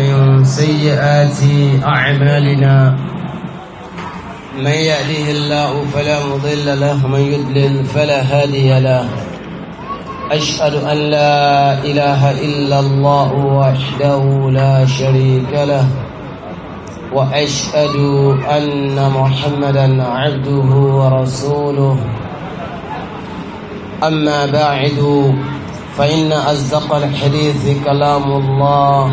ومن سيئات أعمالنا من يأله الله فلا مضل له من يضلل فلا هادي له أشهد أن لا إله إلا الله وحده لا شريك له وأشهد أن محمدا عبده ورسوله أما بعد فإن أصدق الحديث كلام الله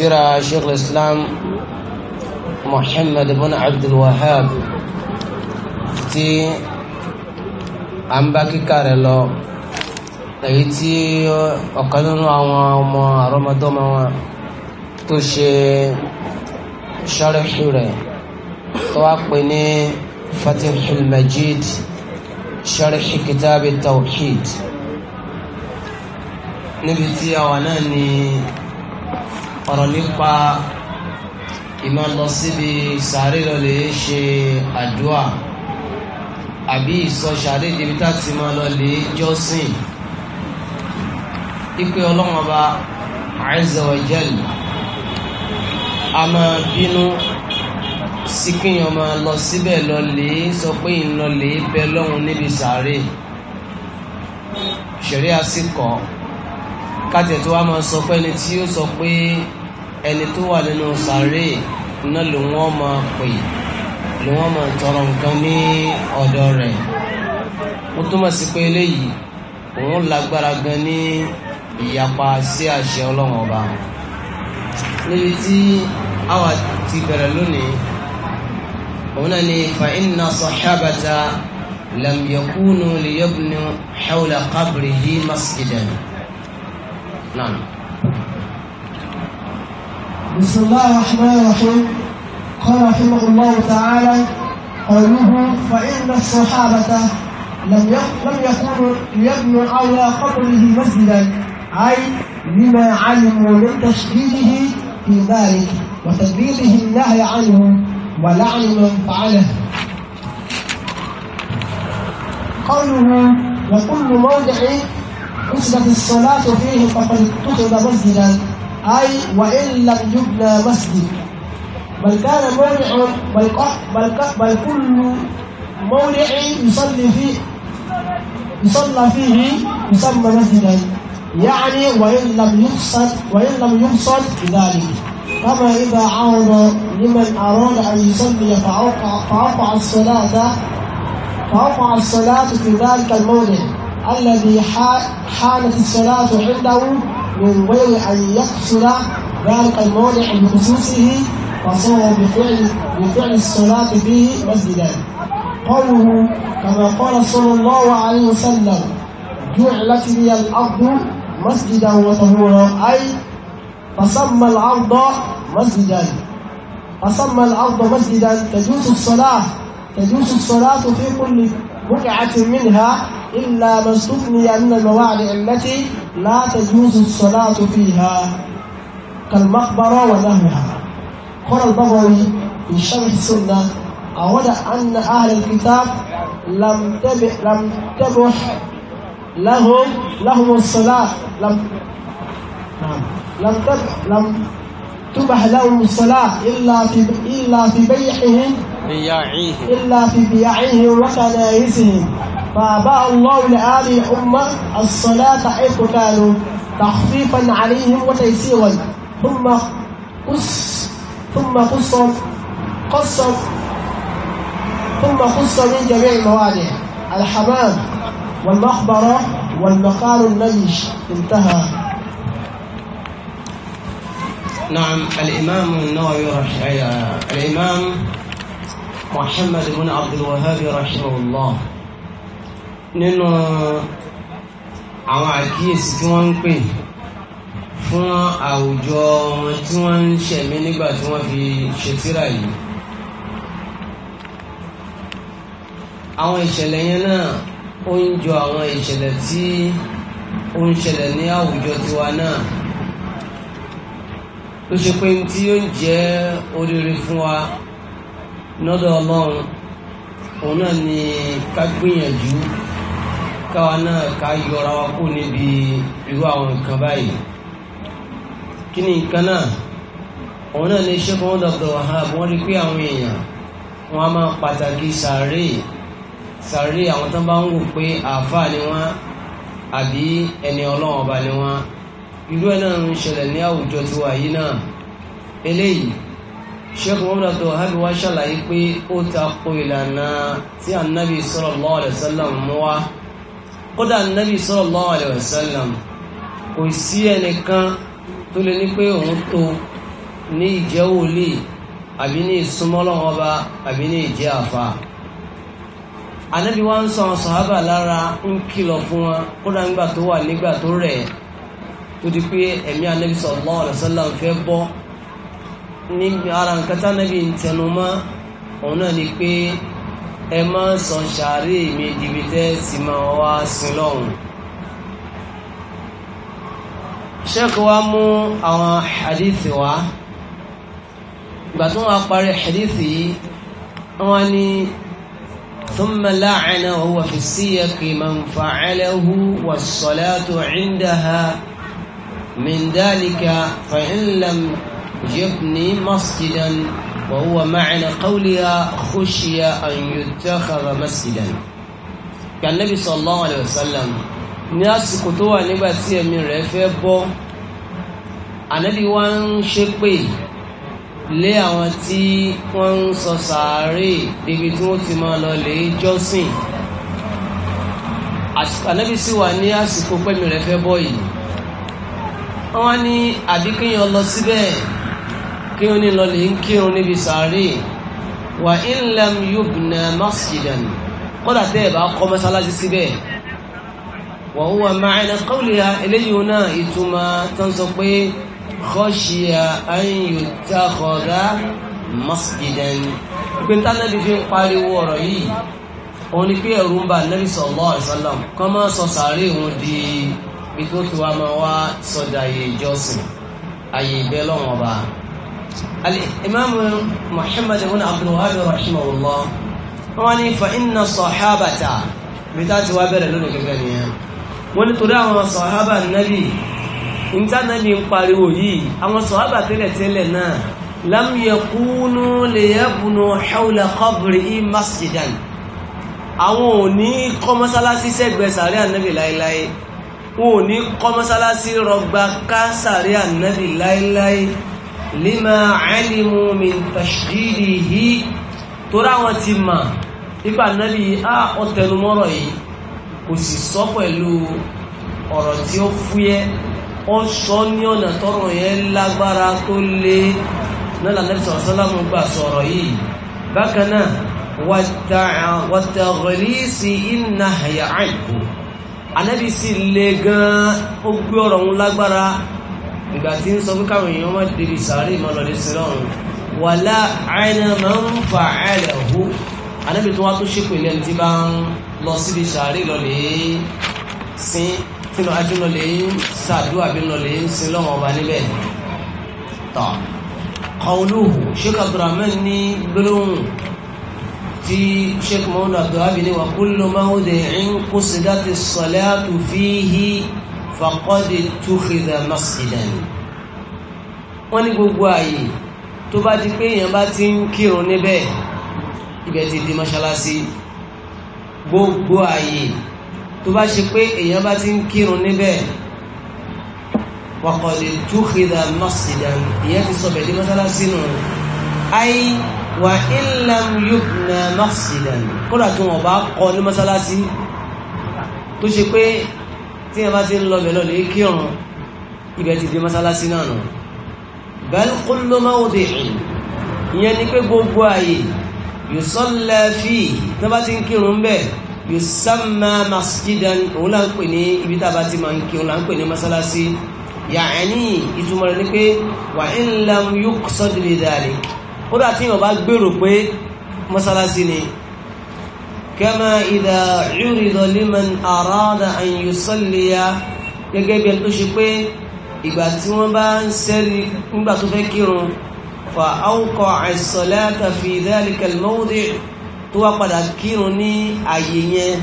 ترى شيخ الإسلام محمد بن عبد الوهاب تي أمباكي كارلو èyí tí ọ̀kan nínú àwọn ọmọ àrọ́mọdọ́mọ wọn tó ṣe ṣọ́rẹ́ṣù rẹ̀ tó wá pè ní Fatihul Majid ṣọ́rẹ́ṣù kitabi tawhid níbi tí àwa náà ni ọ̀rọ̀ nípa ìmọ̀ lọ síbi sàárè lọ lè ṣe àdúà àbí ìsọ sàárè débi tá ti máa lọ lè jọ́sìn ipe ọlọ́run ọba azza wa jalla a máa bínú sí kéèyàn máa lọ síbẹ̀ lọ lè sọ pé ń lọ lè bẹ lọ́hùn níbi sàárè ṣẹ̀rí àsìkò kátẹ̀ tó máa sọ pé ẹni tí yóò sọ pé ẹni tó wà nínú sàárè iná ló wọ́n máa pè ló wọ́n máa tọrọ nǹkan ní ọ̀dọ̀ rẹ̀ ó túmọ̀ sí pé eléyìí òun lágbára gan ní ìyapa sí àṣẹ ọlọ́run ọba níbi tí àwa ti bẹ̀rẹ̀ lónìí òun náà ni fa inna sahabata lam yakunu liyabnu hawla qabrihi masjidan náà. بسم الله الرحمن الرحيم قال رحمه الله تعالى قوله فإن الصحابة لم لم يكونوا ليبنوا على قبره مسجدا أي لما علموا من تشديده في ذلك وتدبيره النهي عنه ولعن من فعله قوله وكل موضع أسدت الصلاة فيه فقد اتخذ مسجدا أي وإن لم يبنى مسجد بل كان مانع بل, بل, بل كل مولع يصلي فيه يصلى فيه يسمى مسجدا يعني وإن لم يقصد وإن لم يقصد بذلك كما إذا عرض لمن أراد أن يصلي فأوقع فأوقع الصلاة فأوقع الصلاة في ذلك الموضع الذي حانت الصلاة عنده من غير أن يحصل ذلك الموضع بخصوصه وصار بفعل بفعل الصلاة به مسجدا قوله كما قال صلى الله عليه وسلم جعلت لي الأرض مسجدا وطهورا أي فسمى الأرض مسجدا فسمى الأرض مسجدا تجوز الصلاة تجوز الصلاة في كل بقعة منها إلا ما استثني من المواضع التي لا تجوز الصلاة فيها كالمقبرة ونحوها قال البغوي في شرح السنة أود أن أهل الكتاب لم تبح لم تبح لهم لهم الصلاة لم نعم. لم تبح لم تبح لهم الصلاة إلا في إلا في بيعهم بياعيهم إلا في بياعهم وكنائسهم فأباع الله لآله الأمة الصلاة حيث كانوا تخفيفا عليهم وتيسيرا ثم قص ثم قص قص ثم قص من جميع الموانع الحمام والمخبرة والمقال النيش انتهى نعم الإمام النووي الإمام محمد بن عبد الوهاب رحمه الله nínú àwọn àkíyèsí tí wọ́n ń pè fún àwùjọ wọn tí wọ́n ń ṣẹ̀mí nígbà tí wọ́n fi ṣe tírà yìí àwọn ìṣẹ̀lẹ̀ yẹn náà ó ń jọ àwọn ìṣẹ̀lẹ̀ tí ó ń ṣẹlẹ̀ ní àwùjọ tiwa náà tó ṣe pé tí ó ń jẹ́ oríire fún wa nọ́dọ̀ ọlọ́run òun náà ni ká gbìyànjú káwa náà ká yọra wa kó níbi irú àwọn nǹkan báyìí kí ni nǹkan náà òun náà ni ṣé kọ́ńdà Abdulwahab wọ́n rí pé àwọn èèyàn wọ́n á máa pàtàkì sàárè sàárè àwọn tó bá ń wò pé àáfàá ni wọ́n àbí ẹni ọlọ́run ọba ni wọ́n irú ẹ̀ náà ń ṣẹlẹ̀ ní àwùjọ tiwa yìí náà eléyìí sheikh muhammad abdulhab wa ṣàlàyé pé ó tako ìlànà tí annabi sallallahu alaihi wasallam mú anabi sallallahu alaihi wasallam kò sí ẹnìkan tó lè ní pé òun tó ní ìjẹ́ wòlé àbí ní ìsúnmọ́lọ́wọ́ àbí ní ìjẹ́ àfa wa ń sọ àwọn sọ̀hábà lára ń kìlọ̀ fún wọn kódà nígbà tó wà nígbà tó rẹ̀ tó di pé ẹ̀mí anabi sallallahu alaihi wasallam fẹ́ bọ́ ní ara nǹkan tánàbí ń tẹnu mọ́ òun náà ni pé ẹ má sọ sàárè mi dìbí tẹ́ sì máa wá sin lọ́hùn. ṣẹ́ẹ̀kì wa mú àwọn hadithi wa ìgbà tó wọn parí hadithi yìí wọn ni ثم لعن وهو في السياق من فعله والصلاة عندها من ذلك فإن جبني مسجدا وهو معنى قولها خشي أن يتخذ مسجدا كان النبي صلى الله عليه وسلم ناس àsìkò tó من nígbà tí ẹ̀mí rẹ̀ fẹ́ bọ́ ànábì wá ń ṣépè lé àwọn tí wọ́n ń sọ sàárè débi tí wọ́n ti máa lọ lè jọ́sìn ànábì sì wà ní àsìkò pẹ̀mí rẹ̀ fẹ́ bọ́ yìí wọ́n ní àbíkéyàn lọ síbẹ̀ kí ó ní lọlẹ̀ ń kírun níbi sàárè wà in lam yubna masjidan kọ́dà tẹ́ ẹ̀ bá kọ́ mọ́sálásí síbẹ̀ wà ó wà máa ẹ̀nà qawliha eléyìí náà ìtumọ̀ tó ń sọ pé khashiya an yutakhadha masjidan pé ń fi pariwo ọ̀rọ̀ yìí òun ni pé ẹ̀rù ń bà Nabi sallallahu alaihi kọ́ máa sọ sàárè òun di ibi tó ti wá máa wá sọdà àyè ìjọsìn àyè ìbẹ́lọ́wọ̀n ọba. الإمام محمد بن عبد الوهاب رحمه الله واني فإن الصحابة بتاعت وابر لون كغانيا wọ́n torí àwọn sọ̀hábà náàbì ìntánàbì ń pariwo yìí àwọn sọ̀hábà tẹ́lẹ̀tẹ́lẹ̀ náà lámìyẹ̀kúnú lè yẹ́bùnú hawla qabrihi masjidan àwọn ò ní kọ́ mọ́sálásí sẹ́gbẹ̀ẹ́ sàárẹ́ ànábì láíláí wọn ò ní kọ́ mọ́sálásí rọgbà ká sàárẹ́ ànábì láíláí lima alimu min tashdidihi torá wọn ti mà nípa náàlì á ọ̀tẹnumọ́rọ̀ yìí kò sì sọ pẹ̀lú ọ̀rọ̀ tí ó fúyẹ́ ó sọ ní ọ̀nà tọrọ yẹn lágbára tó lé náà lànàbì sọ̀rọ̀ sọ́lámù gbà sọ̀rọ̀ yìí bákan náà wàtàgọ̀lìsì iná àyà àìkú anábì sì le gan ó gbé ọ̀rọ̀ òun ìgbà tí ń sọ pé káwọn èèyàn má dèrè sàárè mọ́ lọ́dẹ sí lọ́run wà láàárín máa ń fa àìlẹ̀ hó anábì tó wá tó ṣépè lẹ́nu tí bá ń lọ síbi sàárè lọ́lẹ̀ sín tí lọ́ ajú lọ́lẹ̀ sàdúrà bí lọ́lẹ̀ sí lọ́wọ́ ọba níbẹ̀ tọ́ qawluhu sheikh abdulrahman ní gbólóhùn tí sheikh muhammadu abdulrahman ní wà kullu mawdi'in qusidatis salatu fihi fàkọ́dé túkìdá masjidan wọ́n ní gbogbo ààyè tó bá di pé èèyàn bá ti ń kírun níbẹ̀ ibẹ̀ ti di mọ́ṣáláṣí gbogbo ààyè tó bá ṣe pé èèyàn bá ti ń kírun níbẹ̀ wàkọ̀dé túkìdá masjidan ìyẹn ti sọbẹ̀ di mọ́ṣáláṣí nù ayé wà ilam yubna masjidan kódà tó wọn bá kọ́ ní mọ́ṣáláṣí tó ṣe pé tí wọ́n bá ti ń lọ bẹ̀ lọ́lẹ̀ kírun ibẹ̀ ti di mọ́sálásí náà nù bal kullu mawdi'in ìyẹn ni pé gbogbo ààyè yusalla fi tí wọ́n bá ti ń kírun bẹ̀ yusamma masjidan òun là ń pè ní ibi tá a bá ti máa ń kírun là ń pè ní mọ́sálásí yàní ìtumọ̀ rẹ̀ ni pé wa in lam yuqsad li dhalik ó dà tí wọ́n bá gbèrò pé mọ́sálásí ni كما إذا عرض لمن أراد أن يصلي gẹ́gẹ́ bí ẹni tó ṣe pé ìgbà tí wọ́n bá ń sẹ́rí nígbà tó fẹ́ kírun fa awqa as-salata fi dhalika al-mawdi' tó wá padà kírun ní àyè yẹn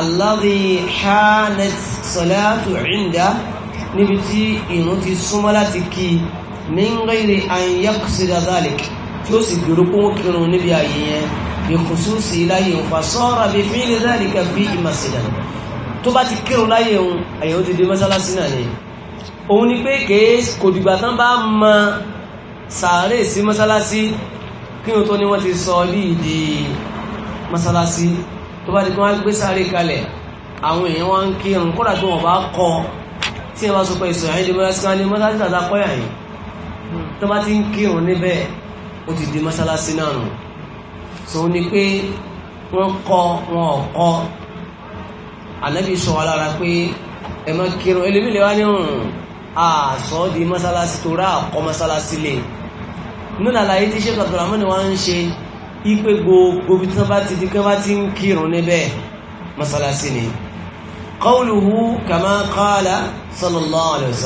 alladhi hanat níbi tí ìrun ti súnmọ́ láti kí min ghayri an bìkùsùsì láyé òun fàṣọ́ra bí fílẹ̀ dáríkà bí ìmàṣìdà tó bá ti kírun láyé òun àyẹ̀wò ti dé mọ́sálásí náà ni òun ni pé kèé kò dìgbà tán bá mọ sàárè sí mọ́sálásí kí o tó ní wọ́n ti sọ ní ìdí mọ́sálásí tó bá di kí wọ́n gbé sàárè kalẹ̀ àwọn èèyàn wọ́n ń kírun kódà tó wọ́n bá kọ tí ẹ bá sọ pé ìsọ̀rọ̀ yẹn di mọ́sálásí kan ní mọ́sálásí tàbí akọ́yà yìí tó bá ti ń kírun níbẹ̀ ó ti di mọ́sálásí náà nù tó ní pé wọ́n kọ́ wọn ò kọ́ ànábì sọ wa lára pé ẹ má kírun ẹlẹ́mìí lè wá ní hùn hmm, àṣọ di mọ́sálásí tó rà kọ́ mọ́sálásí lè nínú àlàyé tí sẹ́kọ̀ tó ramọ́ni wá ń ṣe ipe gbogbo bí tán bá ti di kán bá ti ń kírun níbẹ̀ mọ́sálásí ni qawluhu kama qala sallallahu alayhi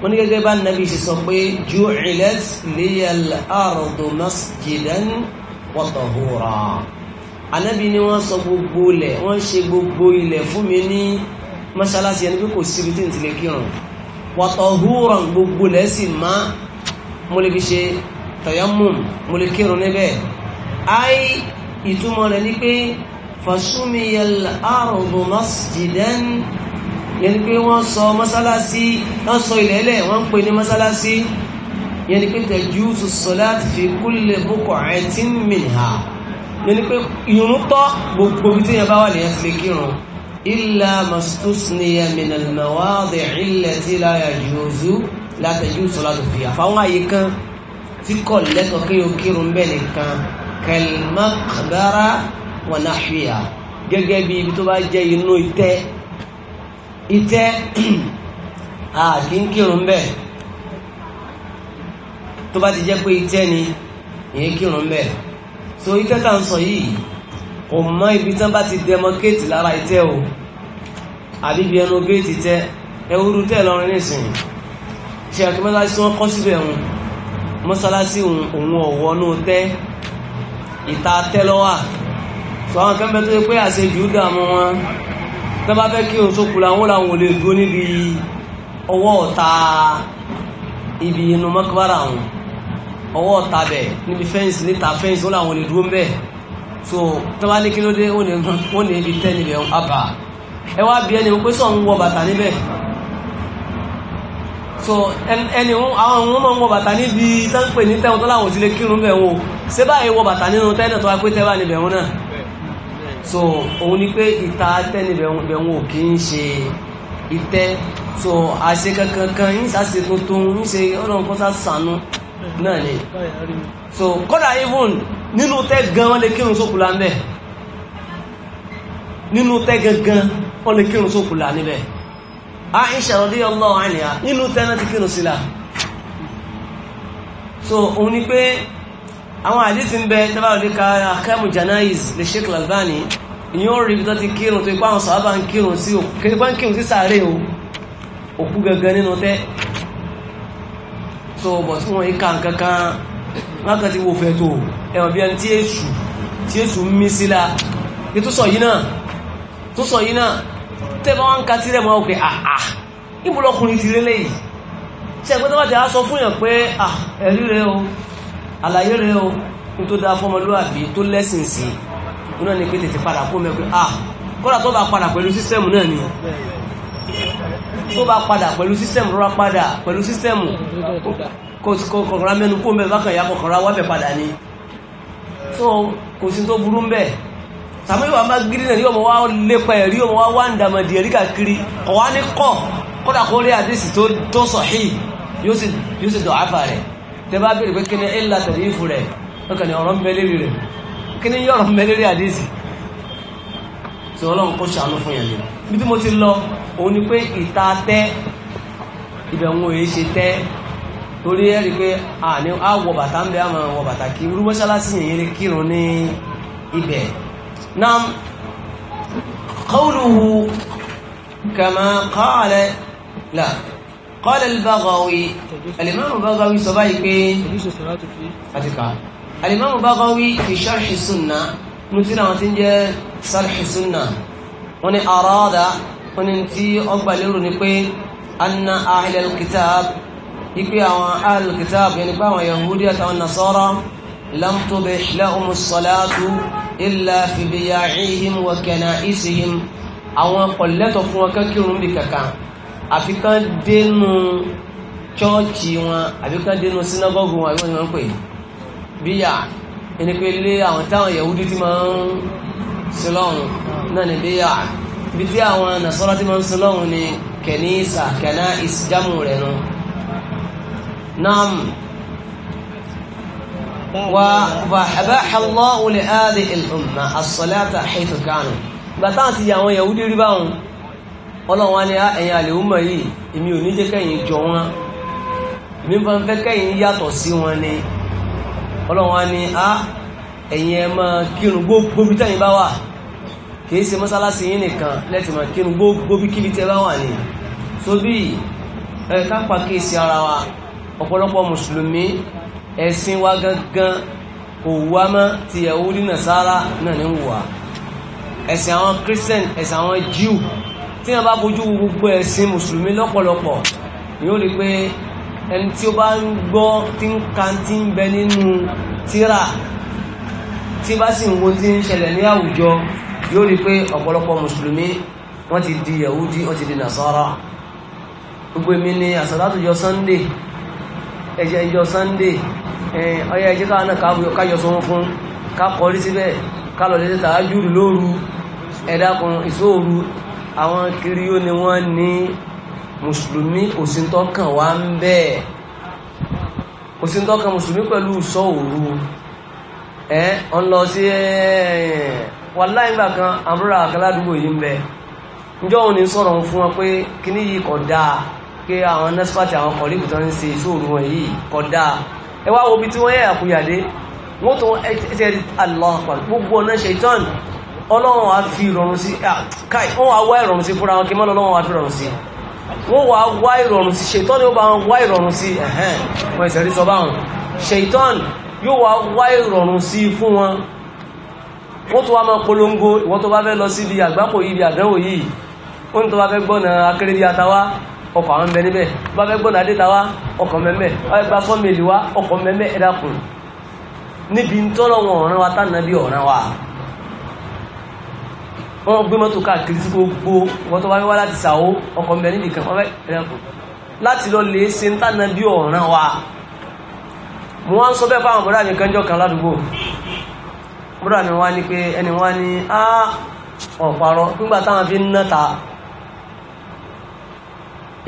wọ́n ní gẹ́gẹ́ bá nàbí ṣe sọ pé ju'ilat liyal ardu masjidan wọ́tọ̀húra anábì ni wọ́n sọ gbogbo ilẹ̀ wọ́n ṣe gbogbo ilẹ̀ fún mi ní mọ́ṣáláṣí ẹni pé kò síbi tí n ti lè kírun wọ́tọ̀húra gbogbo ilẹ̀ sì má mo lè fi ṣe tayammum mo lè kírun níbẹ̀ ai ìtumọ̀ rẹ̀ ni pé fasumiyal ardu masjidan yẹn ni pé wọ́n sọ mọ́ṣáláṣí wọ́n sọ ilẹ̀ ilẹ̀ wọ́n pè ní mọ́ṣáláṣí yẹn ni pé tajuzu salat fi kulli buq'atin minha yẹn ni pé irun tọ́ gbogbo bí tí yẹn bá wà lèyàn ti lè kírun illa mastusniya min al-mawadi' allati la yajuzu la tajuzu salatu fiha fáwọn àyè kan tí kò lẹ́tọ̀ọ́ kí o kírun bẹ́ẹ̀ nìkan kal-maqbara wa nahwiha gẹ́gẹ́ bí ibi tó bá jẹ́ inú ìtẹ́ ìtẹ́ àkínkírun bẹ́ẹ̀ tó bá ti jẹ́ pé itẹ́ ni ìyẹn kírun ń bẹ̀ so itẹ́ tá à ń sọ yìí kò mọ ibi tán bá ti dẹmọkéètì lára itẹ́ o àbí ibi ẹnu géètì tẹ́ ẹwúrú tẹ́ lọrin nísìnyí ṣe àkímọ́láṣí tí wọ́n kọ́ síbẹ̀ wọn mọ́sálásí òun ọ̀wọ́ náà tẹ́ ìta tẹ́lọ́wà sọ àwọn kẹ́mẹ́ tó yẹ pé àṣejù dààmú wọn tó bá fẹ́ kí oṣù kù làwọn làwọn ò lè dúró níbi ọwọ́ ọ̀ta ibi inú mọ́kúbára wọn ọwọ́ tabẹ̀ níbi fẹ́ǹsì níta fẹ́ǹsì ó làwọn olè ń bẹ̀ so tó bá ní kí ló dé ó ní ibi tẹ́ níbẹ̀ àbà ẹ wá bí ẹni pé sọ̀ ń wọ bàtà níbẹ̀ so ẹni àwọn ohun máa ń wọ bàtà níbi tánpẹ̀ ní tẹ́wọ̀n tó láwọn òtílé kírun bẹ̀ wọn ṣé báyìí wọ bàtà nínú tẹ́nà tó wá pé tẹ́wà níbẹ̀ wọn náà so òun ni pé ìta tẹ́nibẹ̀ wọn ò kí ṣe ìtẹ́ so àṣekankankan ń ṣàṣe tuntun ń ṣe ọlọ́run náà ni so kọ́dà even nínú tẹ́ gan wọ́n lè kírun sókùlà ń bẹ̀ nínú tẹ́ gangan wọ́n lè kírun sókùlà níbẹ̀ Aisha radiyallahu anha nínú tẹ́ náà ti kírun sílá so òun ni pé àwọn àdísí ń bẹ tábàlì ka akamu janayiz lè Sheikh Al-Albani ìyọ́n rí ibi tó ti kírun tó ipá àwọn sọ̀rọ̀ bá ń kírun sí òkú kí so bọ̀ tí wọ́n ká nkankan lákan tí wo fẹ́ tó ẹ̀wọ̀n bí ẹni tí èṣù tí èṣù mí sílá ní tó sọ yìí náà tó sọ yìí náà tẹ́bà wọ́n ká tí rẹ̀mọ́ òkè àà ah, ìbúlọ́kùnrin ah, ti rélẹ̀ yìí tí ẹgbẹ́ tó bá ti á sọ fún ah, o àlàyé o ní tó dáa fọmọlúwàbí tó lẹ́sìn sí i náà ni pé tètè padà kó mẹ́ pé ah kọ́lá tó bá padà pẹ̀lú tó bá padà pẹ̀lú sísẹ̀mù rọra padà pẹ̀lú sísẹ̀mù kọ̀ọ̀kọ̀ra mẹ́nu kó mẹ́rin bákan ìyá kọ̀ọ̀kọ̀ra wábẹ̀ padà ni so kò sí tó burú mbẹ́ tàbí ìwà bá gírí náà ní ọmọ wa lépa ẹ̀rí ọmọ wa wá ń dàmàdì ẹ̀rí kàkiri ọ̀wá ní kọ́ kódà kó rí àdéṣì tó sọ̀hí yóò sì dọ̀ áfà rẹ̀ tẹ bá bèèrè pé kí ni ẹ̀là tẹ̀lé ìfù rẹ̀ tí ọlọ́run kó ṣàánú fún yẹn ni bí tí mo ti lọ òun ni pé ìta tẹ́ ibẹ̀ wọn èyí ṣe tẹ́ torí ẹ rí i pé àní á bàtà ń bẹ àmọ́ wọ bàtà kí irú mọ́ṣáláṣí yẹn lè kírun ní ibẹ̀ náà qawluhu kama qala la qala al-Baghawi al-Imam al sọ báyìí pé àtìkà al-Imam fi sharh as-sunnah ní tí àwọn tí ń jẹ́ sálẹ̀ sunna wọ́n ní àràádá wọ́n ní tí ọgbà lérò ni pé anna ahlul kitab ipe àwọn ahlul kitab yẹn ni pé àwọn yahudi àtàwọn nasara lam tubih lahumu salatu illa fi biya'ihim wa kana'isihim àwọn kọ̀lẹ́tọ̀ fún wọn kankirun bí kankan àfi dénú chọ́ọ̀chì wọn àfi dénú sinagogu wọn àbí wọn pè bíyà ẹni pé lé àwọn táwọn yahudi ti máa ń sílọ́hun náà ní bíyà bí tí àwọn nasọ́lá ti máa ń sílọ́hun ni kẹ̀nísà kẹ̀ná ìsìjámù rẹ̀ nu nam وأباح الله لهذه الأمة الصلاة حيث كانوا bàtà àti àwọn yahudi rí báwọn ọlọ́wọ́n ni ah, ẹ̀yìn àlèhùnmọ̀ yìí èmi ò ní jẹ́ kẹ́yìn jọ wọn èmi fẹ́ kẹ́yìn yàtọ̀ sí wọn ni ọlọ́run wá ní á ẹ̀yin ẹ máa kírun gbogbo bí tẹ́yìn bá wà kìí ṣe mọ́sálásí yín nìkan lẹ́tì máa kírun gbogbo bí kíbi tẹ́ bá wà ní so bí ẹ kápá kìí ṣe ara wa ọ̀pọ̀lọpọ̀ mùsùlùmí ẹ̀sìn wa gangan kò wá mọ́ ti Yahudi Nasara náà ní wà ẹ̀sìn àwọn Christian ẹ̀sìn àwọn Jew tí wọ́n bá bójú gbogbo ẹ̀sìn mùsùlùmí lọ́pọ̀lọpọ̀ ni ó rí pé ẹni tí ó bá ń gbọ́ tí ń ka tí ń bẹ nínú tíra tí bá sì ń wo tí ń ṣẹlẹ̀ ní àwùjọ yóò rí pé ọ̀pọ̀lọpọ̀ mùsùlùmí wọ́n ti di yahudi wọ́n ti di nasara gbogbo èmi ni àsàlátù jọ sunday ẹ̀jẹ̀ ìjọ sunday ọyá ẹ̀jẹ̀ káwọn náà káyọ sọ wọn fún ká kọrí síbẹ̀ ká lọ lẹ́sẹ̀ tàájú lóru ẹ̀dá kan ìṣòru àwọn kiri yóò ni wọ́n ní musulumi kò wa tọ́kàn wá ń bẹ́ẹ̀ kò sí ọ ń lọ sí kan àbúrò àkàládùúgbò yìí ń bẹ njọ́ òní fún wọn pé kíní yi kọ̀ àwọn nẹ́sípàtì àwọn kọ̀líkù ń ṣe wọn yi kọ̀ wá wo àkúyàdé tó gbogbo fi wá fúnra wọn kí fi wọ́n wá wá ìrọ̀rùn sí ṣètọ́n yóò bá wọn wá ìrọ̀rùn sí ẹ̀hẹ́n wọ́n ìṣẹ̀rí sọ báwọn ṣètọ́n yóò wá wá ìrọ̀rùn sí fún wọn wọ́n tó wá máa polongo ìwọ́n tó bá fẹ́ lọ síbi àgbákò yìí àdánwò yìí ó ní tó bá fẹ́ gbọ́nà akéré bí atawa ọkọ̀ àwọn mẹ́rin bẹ́ẹ̀ tó bá fẹ́ gbọ́nà adétawa ọkọ̀ mẹ́mẹ́ ọgbà wa ọkọ̀ mẹ́mẹ́ ẹ̀dàkùn níbi ń tọ́lọ̀ wọn ọ̀ràn wa tánàbí ọ̀ràn wa wọ́n gbé mọ́tò káàkiri tí gbogbo wọ́n tó wá wá láti sàó ọkọ̀ ń bẹ nídìí wọ́n fẹ́ ẹ̀rẹ́kùn láti lọ lè ṣe ń tànà bí ọ̀ràn wa mo wá ń sọ bẹ́ẹ̀ fáwọn bọ́dà mi kẹjọ kan ládùúgbò bọ́dà mi wá ní pé ẹni wá ní á ọ̀parọ́ nígbà táwọn fi ń náta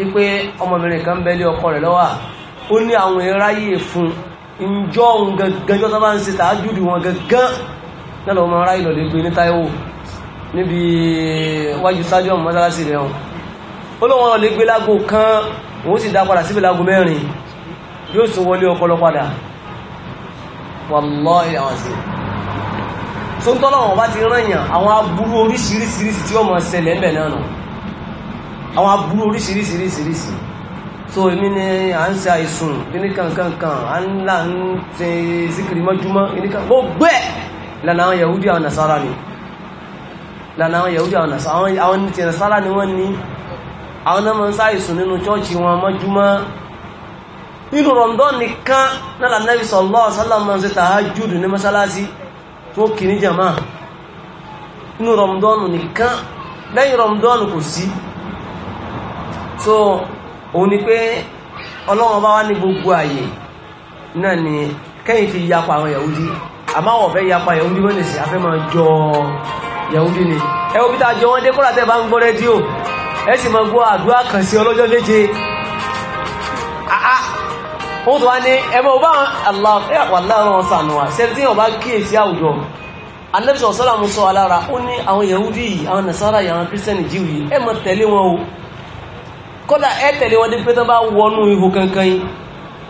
ipe ọmọbìnrin kan bẹ́ẹ̀ lé ọkọ rẹ̀ lọ́wọ́ ó ní àwọn aráyè fún ìjọ òun gangan jọ́ta bá ń ṣe tàájúdì níbi wájú sájú ọmọ mọ́sálásí rẹ̀ hàn ó lọ́wọ́n lè gbé lágbo kan òun sì dá padà síbi lágbo mẹ́rin yóò tún wọlé ọpọlọ padà wallahi àwọn sí tó ń tọ́lọ̀ wọn bá ti rányàn àwọn aburú oríṣiríṣiríṣi tí ó mọ̀ ṣẹlẹ̀ ń bẹ̀ náà nù àwọn aburú oríṣiríṣiríṣiríṣi so èmi ni à ń ṣe àìsùn kíní kankankan à ń là ń ṣe síkìrì mọ́júmọ́ kíní kan gbogbo ẹ̀ ìlànà àwọn Yahudi àwọn Nasara ni lànà àwọn yahudi àwọn nàṣà àwọn ti nàṣàlá ni wọ́n ní àwọn náà máa ń sáyè sùn nínú chọ́ọ̀chì wọn mọ́júmọ́ nínú rọ̀ǹdọ́n nìkan náà lànà Nabi sallallahu alaihi wasallam máa ń ṣe tahajjud ní mọ́sálásí tó kì ní jàmá nínú rọ̀ǹdọ́n nìkan lẹ́yìn rọ̀ǹdọ́n kò sí so òun ni pé ọlọ́wọ́n bá wá ní gbogbo àyè náà ni kẹ́yìn fi yapa àwọn yahudi àmáwọ̀ fẹ́ yapa yahudi mọ́nìsì afẹ́ máa jọ ọ́ yahudi ni ẹ wo bí ta jọ wọn dé kọ́ra tẹ́ bá ń gbọ́ rẹ́díò ẹ sì máa gbọ́ àdúrà kàn sí ọlọ́jọ́ méje wọ́n tó wá ní ẹmọ ọba aláwọ̀ sànù wa ṣe tí ọba kíyèsí àwùjọ Ànábì sọ̀sọ́làmù sọ alára ó ní àwọn yahudi àwọn nasara àwọn kírísítẹ́nì jíù yìí ẹ má tẹ̀lé wọn o kódà ẹ tẹ̀lé wọn dé pé tán bá wọnú ihò kankan yìí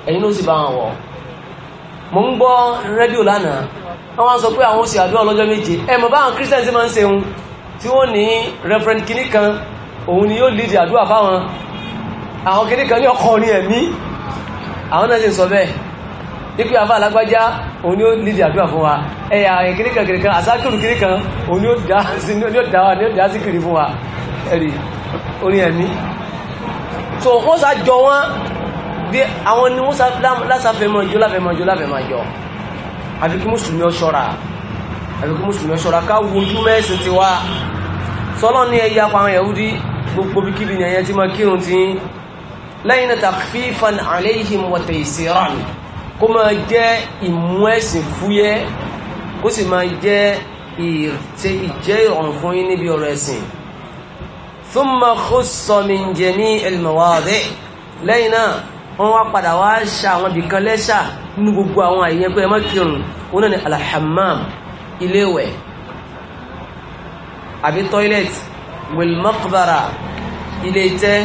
ẹ̀yin ló sì bá wọn wọ̀ mo ń gbọ́ rédíò lánàá wọ́n sọ pé àwọn oṣù àdúrà ọlọ́jọ́ méje ẹ mọ̀ báwọn christian ti máa ń seun tí wọ́n ní reverend kìíní kan òun ni yóò lead àdúrà fáwọn àwọn kìíní kan ní ọkọ̀ ní ẹ̀mí àwọn náà sì ń sọ bẹ́ẹ̀ ipi àfa alágbájá òun ni ó lead àdúrà fún wa ẹ̀yà kìíní kan kìíní kan àsákìrù kìíní kan òun ni ó dá sí ni ó dá wa ni ó dá sí kìíní fún wa ẹ̀rí orin ẹ̀mí so wọ́n sá jọ wọ́n bí àwọn ni wọ́n lásàfẹ́mọ̀ jọ láfẹ́mọ̀ jọ láfẹ́mọ̀ jọ àfi kí mùsùlùmí ọ̀ṣọ́ra àfi kí mùsùlùmí ọ̀ṣọ́ra ká wojú mẹ́sìn ti wá sọ́lọ́ ní ẹ̀yà pa àwọn Yahudi gbogbo bí kíbi yẹn ti máa kírun ti lẹ́yìn náà takfífan alayhim wa taysiran kó máa jẹ́ ìmú ẹ̀sìn fúyẹ́ kó sì máa jẹ́ ìjẹ́ ìrọ̀rùn fún yín níbi ọ̀rọ̀ ẹ̀sìn thumma khussa min jami'il mawadi' lẹ́yìn náà wọ́n wá padà wá ṣa àwọn ibìkan lẹ́ṣà nínú gbogbo àwọn àyẹn pé ẹ má kírun wọn náà ní alhamam iléèwẹ̀ àbí toilet wil maqbara ilé tẹ́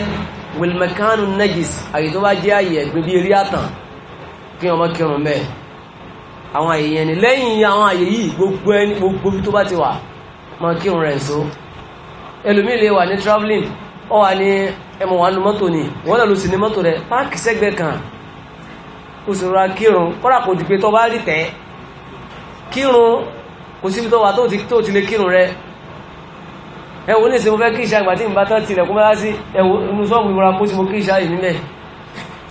wil makanu najis àyè tó bá jẹ́ àyè ẹ̀gbin bíi eré àtàn kí wọ́n má kírun bẹ́ẹ̀ àwọn àyè yẹn ni lẹ́yìn àwọn àyè yìí gbogbo ẹni gbogbo tó bá ti wà má kírun rẹ̀ nso ẹlòmíì lè wà ní travelling ọ wà ní ẹmọ wà nù mọ́tò ni wọ́n lọ sí ní mọ́tò rẹ̀ páàkì sẹ́gbẹ́ kan kò sì rọra kírun kọ́ra kò jù pé tọ́ bá rí tẹ́ kírun kò síbi tó wà tó ti lè kírun rẹ̀ ẹwọ ní ìsinmi fẹ́ kí ìṣà ìgbà tí ìbá tán tilẹ̀ kún mẹ́lá sí ẹwọ inú sọ́ọ̀bù ìwọ̀n apótí mo kí ìṣà yìí nílẹ̀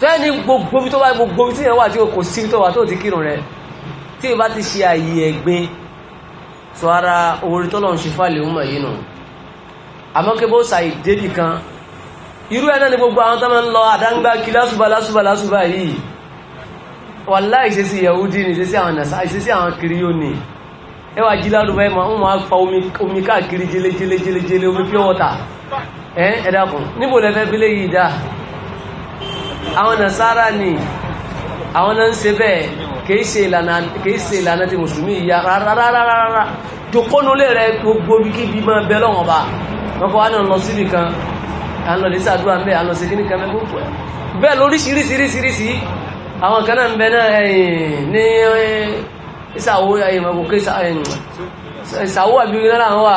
tó ẹni gbogbo tó wá gbogbo tí ìyẹn wà tí kò sí tó wà tó ti kírun rẹ̀ tí ìbá ti ṣe àyè ẹ̀gbin tó ara orí tọ́lọ̀ ń ṣe fàlẹ̀ òun mọ̀ yìí nù àmọ́ kí bó ṣàì débì kan irú ẹ̀ náà ni gbogbo àwọn tó máa ń lọ àdáńgbá kí lásùbà lásùbà lásùbà yìí wàláhì ìṣesí yahudi ni ìṣesí àwọn nàṣà ìṣesí àwọn kiriyó ni ẹ wá jí ládùúgbò ẹ máa ń máa fa omi káàkiri jelejelejelejele omi pure water ẹ ẹ dákun níbo lẹ fẹ́ bílẹ̀ yìí dá àwọn nàṣàrà ni àwọn náà ń ṣe bẹ́ẹ̀ kìí ṣe ìlànà kìí ṣe ìlànà ti mùsùlùmí yìí rárá rárá rárá jòkónú lè rẹ gbogbo kíbi máa bẹ lọ́wọ́n ba wọ́n wá náà lọ síbì kan à ń lọ lè sàdúrà ń bẹ́ à ń lọ sí kíní kan mẹ́ gbogbo ẹ̀ bẹ́ẹ̀ lóríṣiríṣiríṣiríṣi àwọn kan náà ń bẹ náà ní ìsàwó ìmọ̀kòkè ìsàwó àbíwí náà àwọn wà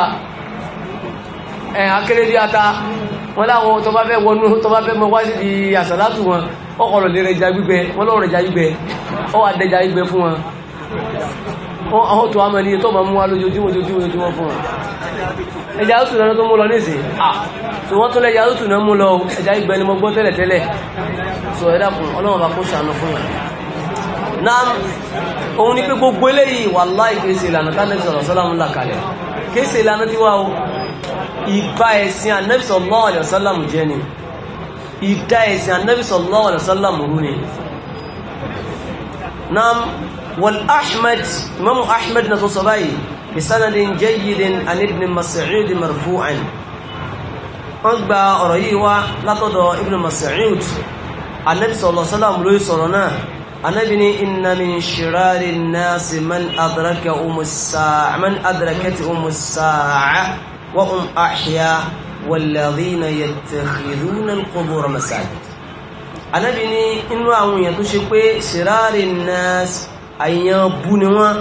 akéré bí ata wọ́n láwọn tó bá fẹ́ wọnú tó bá fẹ́ mọ wá sí di àsàlátù wọn ọkọ̀ lọ lè rẹja gbígbẹ wọ́n lọ́rọ̀ rẹja gbígbẹ ọwọ́ àdẹja gbígbẹ fún wọn àwọn tó àmà ní tó bá mú wá lójoojúmọ́ lójoojúmọ́ fún wọn ẹja òtù náà tó mú lọ nísìn ah tó wọ́n tó lẹ́ja òtù náà mú lọ ẹja ìgbẹ́ ni mo gbọ́ tẹ́lẹ̀ tẹ́lẹ̀ so ẹ̀dá kun ọlọ́wọ́n bá kó sànú fún wọn náà òun ni pé gbogbo eléyìí wàláhì kéèsì ìlànà tánẹ́bì wà ó والأحمد إمام أحمد نتصبي بسند جيد عن ابن مسعود مرفوعا أقبى أريوة لقد ابن مسعود النبي صلى الله عليه وسلم لو صلنا النبي إن من شرار الناس من أدرك أم الساعة من أدركت أم الساعة وهم أحيا والذين يتخذون القبور مساجد بني إنه أمي يتشكي شرار الناس àyíyàn bú ni wọ́n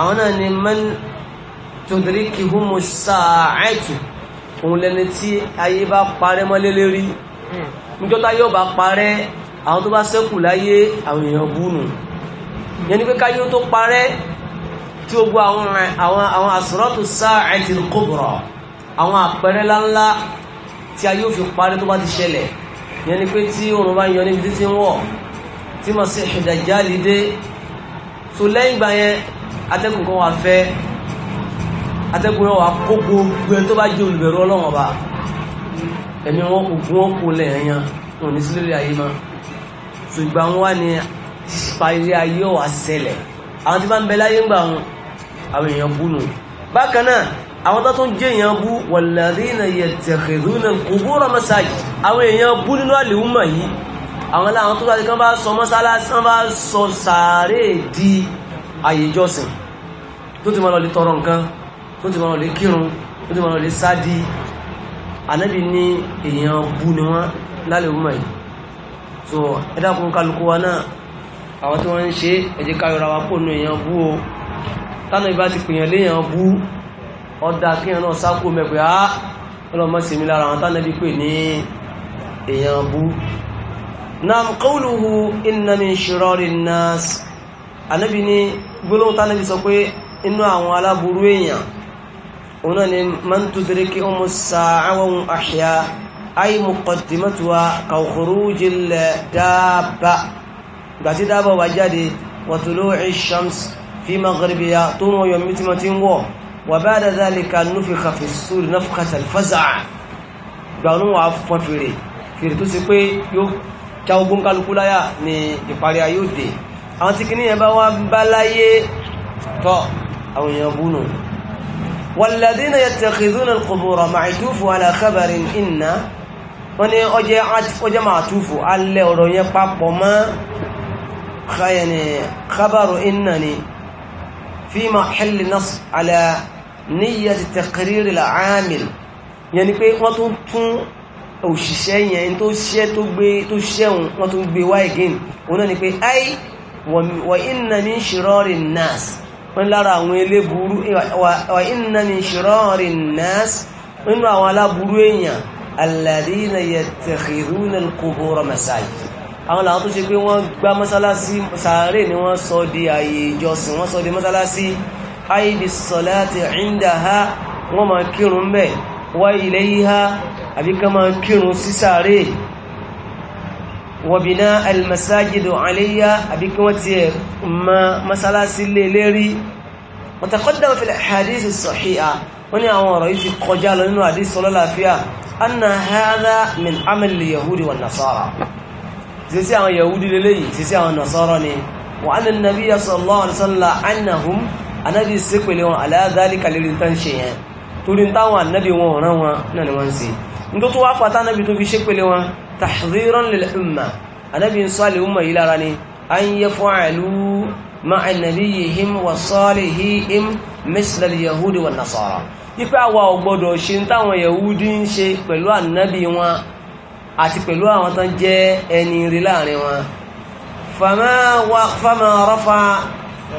àwọn náà ni man tudrikuhumu sa'atu òun lẹni tí ayé bá parẹ́ mọ́lé lérí hmm. níjọ́tá yóò bá parẹ́ àwọn tó bá sẹ́kù láyé àwọn èèyàn bú nù yẹn ni pé káyé tó parẹ́ tí ó gbọ́ àwọn àsọ̀rọ̀tù sáàtì kòbọ̀rọ̀ àwọn àpẹẹrẹ láńlá tí a yóò fi parí tó bá ti ṣẹlẹ̀ yẹn ni pé tí oòrùn yọ níbi títí wọ̀ tí mọ̀ sí ìdájálì dé so lẹ́yìn ìgbà yẹn atẹ́gùn kan wà fẹ́ atẹ́gùn yẹn wà kó gbogbo ẹni tó bá jẹ́ olùbẹ̀rù ọlọ́wọ́n ọba ẹ̀mí wọn kò gún wọn kò lẹ́yìn yẹn wọn ní sílẹ̀ ayé ma so ìgbà wọn wà ní parí ayé ọ̀wà ṣẹlẹ̀ àwọn tí bá ń bẹ láyé ń gbà wọn àwọn èèyàn bú nù bákan náà àwọn tó tún jẹ́ èèyàn bú walladhina yattakhidhuna al-qubura masajid àwọn èèyàn bú nínú àlèwúmọ̀ àwọn láwọn tó bá ti kán bá sọ mọ́sálásí wọ́n bá sọ sàárè di àyè ìjọsìn tó ti máa lọ lè tọrọ nǹkan tó ti máa lọ lè kírun tó ti máa lè sádi ànábì ní èèyàn bú ni wọ́n lálẹ́ òun mọ̀ọ́yì so ẹ dákun kálukú wa náà àwọn tí wọ́n ń ṣe ẹ jẹ́ ká yọra wa pò nù èèyàn bú o tánà ìbá ti pèèyàn léèyàn pè nam qawluhu inna min shirari nnas anábì ní gbólóhùn tánàbì sọ pé inú àwọn aláburú èèyàn òun náà ni man tudriki umus sa'a wa hum ahya ay muqaddimatuha ka khurujil dabba gbàtí dábà wà jáde wa tulu'i shams fi maghribiha tó mọ̀ yọ̀ mítímọ̀ tí ń wọ̀ وبعد ذلك نفخ في السور نفخة الفزع gbàrún wà fọ́n fèrè fèrè tó sì pé yóò kí a ogun kálukú láyà ni ìparí ayé òde àwọn tí kìíní yẹn bá wá bá láyé tọ́ àwọn èèyàn búnú walladhina yattakhidhuna al-qubura ma'tufu ala khabarin wọ́n ní ọjẹ́ ma'tufu alẹ́ ọ̀rọ̀ yẹn papọ̀ mọ́ khabaru inna ni fi mahalli nas ala niyyati taqrir al òṣìṣẹ́ yẹn tó ṣiṣẹ́ tó gbé tó ṣiṣẹ́ wọn tó gbé wá again òun náà ni pé ai wà inna min shirari nas wọ́n lára àwọn eléburú wà inna min shirari nas nínú àwọn aláburú èèyàn alladhina yattakhidhuna al wọ́n gbá mọ́sálásí sàárè ni wọ́n sọ àbí ká máa kírun sí sàárè wọ̀bìná almasajidu aléyá àbí kí wọ́n ti ẹ̀ ma masalasi lè lérí wàtàkọ́dá wọ́n fi hadisi sahiha wọ́n ni àwọn ọ̀rọ̀ yìí ti kọjá lọ nínú hadisi sọlọ́láfíà anna hadha min amali yahudi wa nasara sisi àwọn yahudi lélẹ́yìn sisi àwọn nasara ni wa anna nabiya sallallahu alaihi wasallam annahum anabi ṣépè lé wọn ala dhalika lórí tán yẹn torí táwọn anabi wọn ọ̀ràn wọn náà ni wọ́n tó tó wá pàtà anábì tó fi ṣe pèlè wọn tahdhiran lil umma anábì ń sọ àlè umma yìí lára ni an yaf'alu ma'a nabiyihim wa salihihim misla yahudi wa nasara ipe àwa ò gbọdọ̀ ṣe ń táwọn yahudi ń ṣe pẹ̀lú ànábì wọn àti pẹ̀lú àwọn tán jẹ́ ẹni rí láàrin wọn fama rafa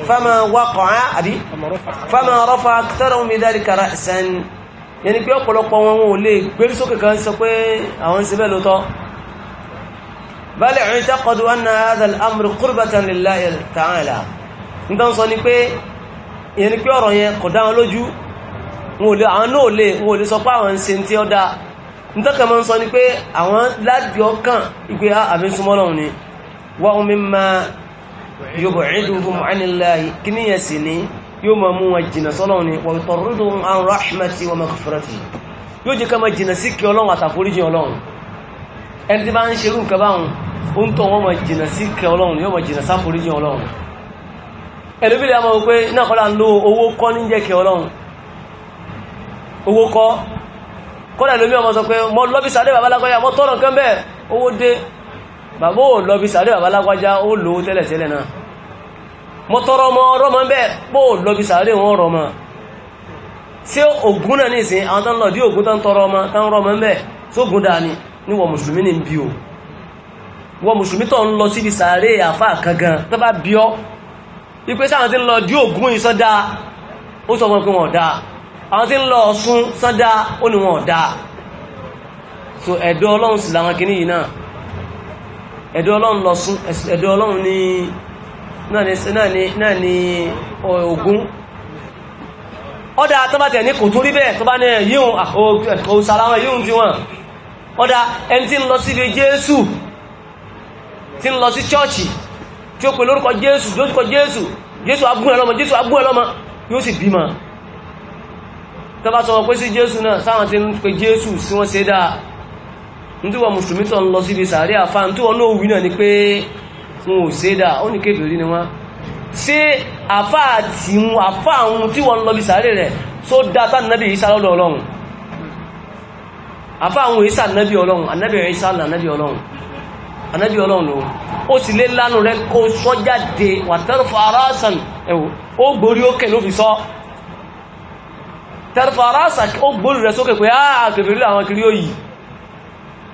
fama waqa'a àbí fama rafa akthara min dhalika yẹn ni pé ọ̀pọ̀lọpọ̀ wọn wọn ò lè gbérí sókè kan sọ pé àwọn ṣe bẹ́ẹ̀ lóòótọ́ bal i'taqadu anna hadha al-amr qurbatan lillahi ta'ala nítorí sọ ni pé yẹn ni pé ọ̀rọ̀ yẹn kò dá wọn lójú wọn ò lè àwọn náà lè wọn ò lè sọ pé àwọn ń ṣe ni pé àwọn ah, ni yóò máa mú wọn jìnà sọ́lọ́run ni wọ́n tọ̀rọ̀dù an rahmati wa maghfirati yóò jẹ́ ká máa jìnà sí kí ọlọ́run àtàforíjì ọlọ́run ẹni tí bá ń ṣerú nǹkan báwọn ó ń tọ́ wọn máa jìnà sí kí ọlọ́run yóò máa jìnà sáforíjì ọlọ́run ẹlòmílẹ̀ a máa wọ pé náà kọ́lá ń lo owó kọ́ ní mọ́tọ́rọ ọmọ ọrọ́mọ bẹ́ẹ̀ pò lọ́bi sàárè wọn rọmọ ṣé ògùn náà ní ìsìn àwọn tán lọ dí ògùn tán tọrọ ọmọ tán rọmọ bẹ́ẹ̀ sógun dáa ni níwọ̀ mùsùlùmí ní bí o wọ mùsùlùmí tó ń lọ síbi sàárè àfáà kankan tó bá bí ọ ipe sáwọn tí ń lọ dí ògùn yìí ó sọ wọn pé wọn dáa àwọn tí ń lọ ọ̀ṣun sọ́dá ó ní wọn dáa so ẹ̀dọ́ ọlọ́run sì làwọn kìnnìyàn náà ẹ̀dọ́ ọlọ́run lọ sún ẹ̀dọ́ ọlọ́run ní náà ni Ògún ọdá tó bá tẹ̀ ní kò tún rí bẹ́ẹ̀ tó bá ní yíò òsàláwọn yíò tí wọ́n ọdá ẹni tí ń lọ sí ilé Jésù tí ń lọ sí chọ́ọ̀chì tí ó pè lórúkọ Jésù lórúkọ Jésù Jésù agún ẹlọ́mọ Jésù agún ẹlọ́mọ yóò sì bímọ tó bá sọ wọn pé sí Jésù náà sáwọn tí ń pe Jésù sí wọ́n ṣe dáa nítorí wọn mùsùlùmí tó ń wọn ò ṣe dáa ó ní kébìrì ni wọ́n ṣé àfá àti àfá àwọn tí wọ́n lọ bí sàárè rẹ̀ tó dá tánàbí ìsá lọ́dọ̀ ọlọ́run àfá àwọn ìsá ànábì ọlọ́run ànábì ìsá ànábì ọlọ́run ànábì ọlọ́run ó sì lé lánàá rẹ kó sọ́jáde wàtẹ́rùfà aráàsàn ẹ̀wò ó gbórí ókè ló fi sọ́ tẹ́rùfà aráàsàn ó ah, kiri ó yìí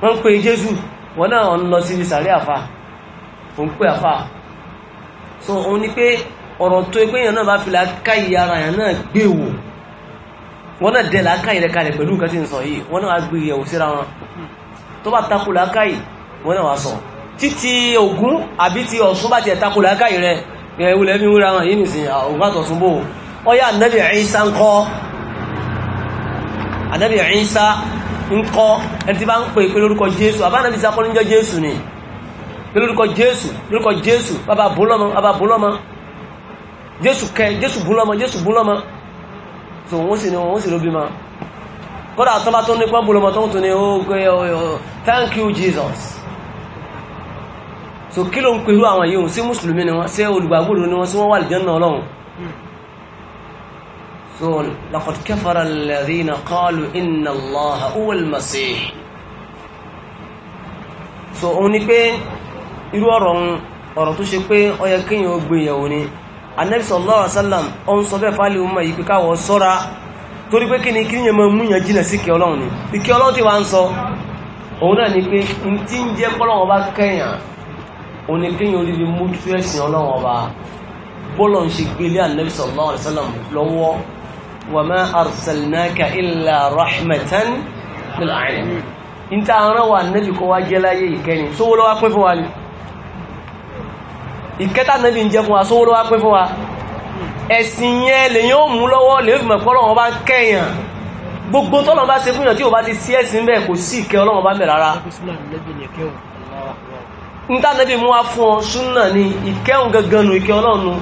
wọ́n ń pe Jésù wọ́n náà ń lọ sí sàárè àfáà òun pè àfà so òun ni pé ọ̀rọ̀ tó ẹgbẹ́ yẹn náà bá fi làákàyè ara yẹn náà gbé wò wọn náà dẹ̀ làákàyè rẹ̀ kalẹ̀ pẹ̀lú nǹkan tí ń sọ yìí wọn náà wá gbé yẹ̀wò síra wọn tó bá takò làákàyè wọn náà wá sọ títí Ògún àbí ti Ọ̀ṣun bá tiẹ̀ takò làákàyè rẹ̀ ẹ̀wù lẹ́bí wúra wọn yìí nìsín Ògún àtọ̀ṣun bò ọyá ànábì Ìsá ń kọ́ ànábì Ìsá ń kọ́ ẹni tí bá ń pè pé lórúkọ Jésù àbá ànábì Ìsá lórúkọ jésù lórúkọ jésù bàbá búlọ́mọ bàbá búlọ́mọ jésù kẹ jésù búlọ́mọ jésù búlọ́mọ tó wọ́n sì ní wọ́n sì ló bí ma kódà tó bá tó nípa tó ń tó ní ó gbé ọyọ thank you jesus so kí ló ń pẹ̀lú àwọn yìí sí mùsùlùmí ni wọ́n sí olùgbàgbọ́dọ̀ ni wọ́n sí wọ́n wà lìjẹ́ náà ọlọ́run so laqad kafara alladhina qalu inna allaha huwa al-masih so òun ni pé irú ọ̀rọ̀ ọ̀rọ̀ tó ṣe pé ó yẹ kéèyàn ó gbé yẹ̀wò ni anabi sallallahu alaihi wasallam ó ń sọ bẹ́ẹ̀ fálẹ̀ ọmọ yìí pé káwọ́ sọ́ra torí pé kí ni kí yẹn máa mú yẹn jìnà sí ìkẹ́ ọlọ́run ni ìkẹ́ ọlọ́run ti wá ń sọ òun náà ni pé n tí ń jẹ́ àwọn wa anabi kọ́ wá jẹ́ láyé ìkẹ́ni sówó lọ́wọ́ pẹ́ fún wa ìkẹta nàbí ń jẹ fún wa sówó ló wá pín fún wa ẹ̀sìn yẹn lèyàn ó mú lọ́wọ́ lèyàn fi mọ̀ pé ọlọ́run bá ń kẹyàn gbogbo tọ́lọ́run bá ṣe fún yàn tí ò bá ti sí ẹ̀sìn bẹ́ẹ̀ kò sí ìkẹ́ ọlọ́run bá ń rárá níta mú wa fún ọ súnà ni ìkẹ́hùn gangan ìkẹ́ ọlọ́run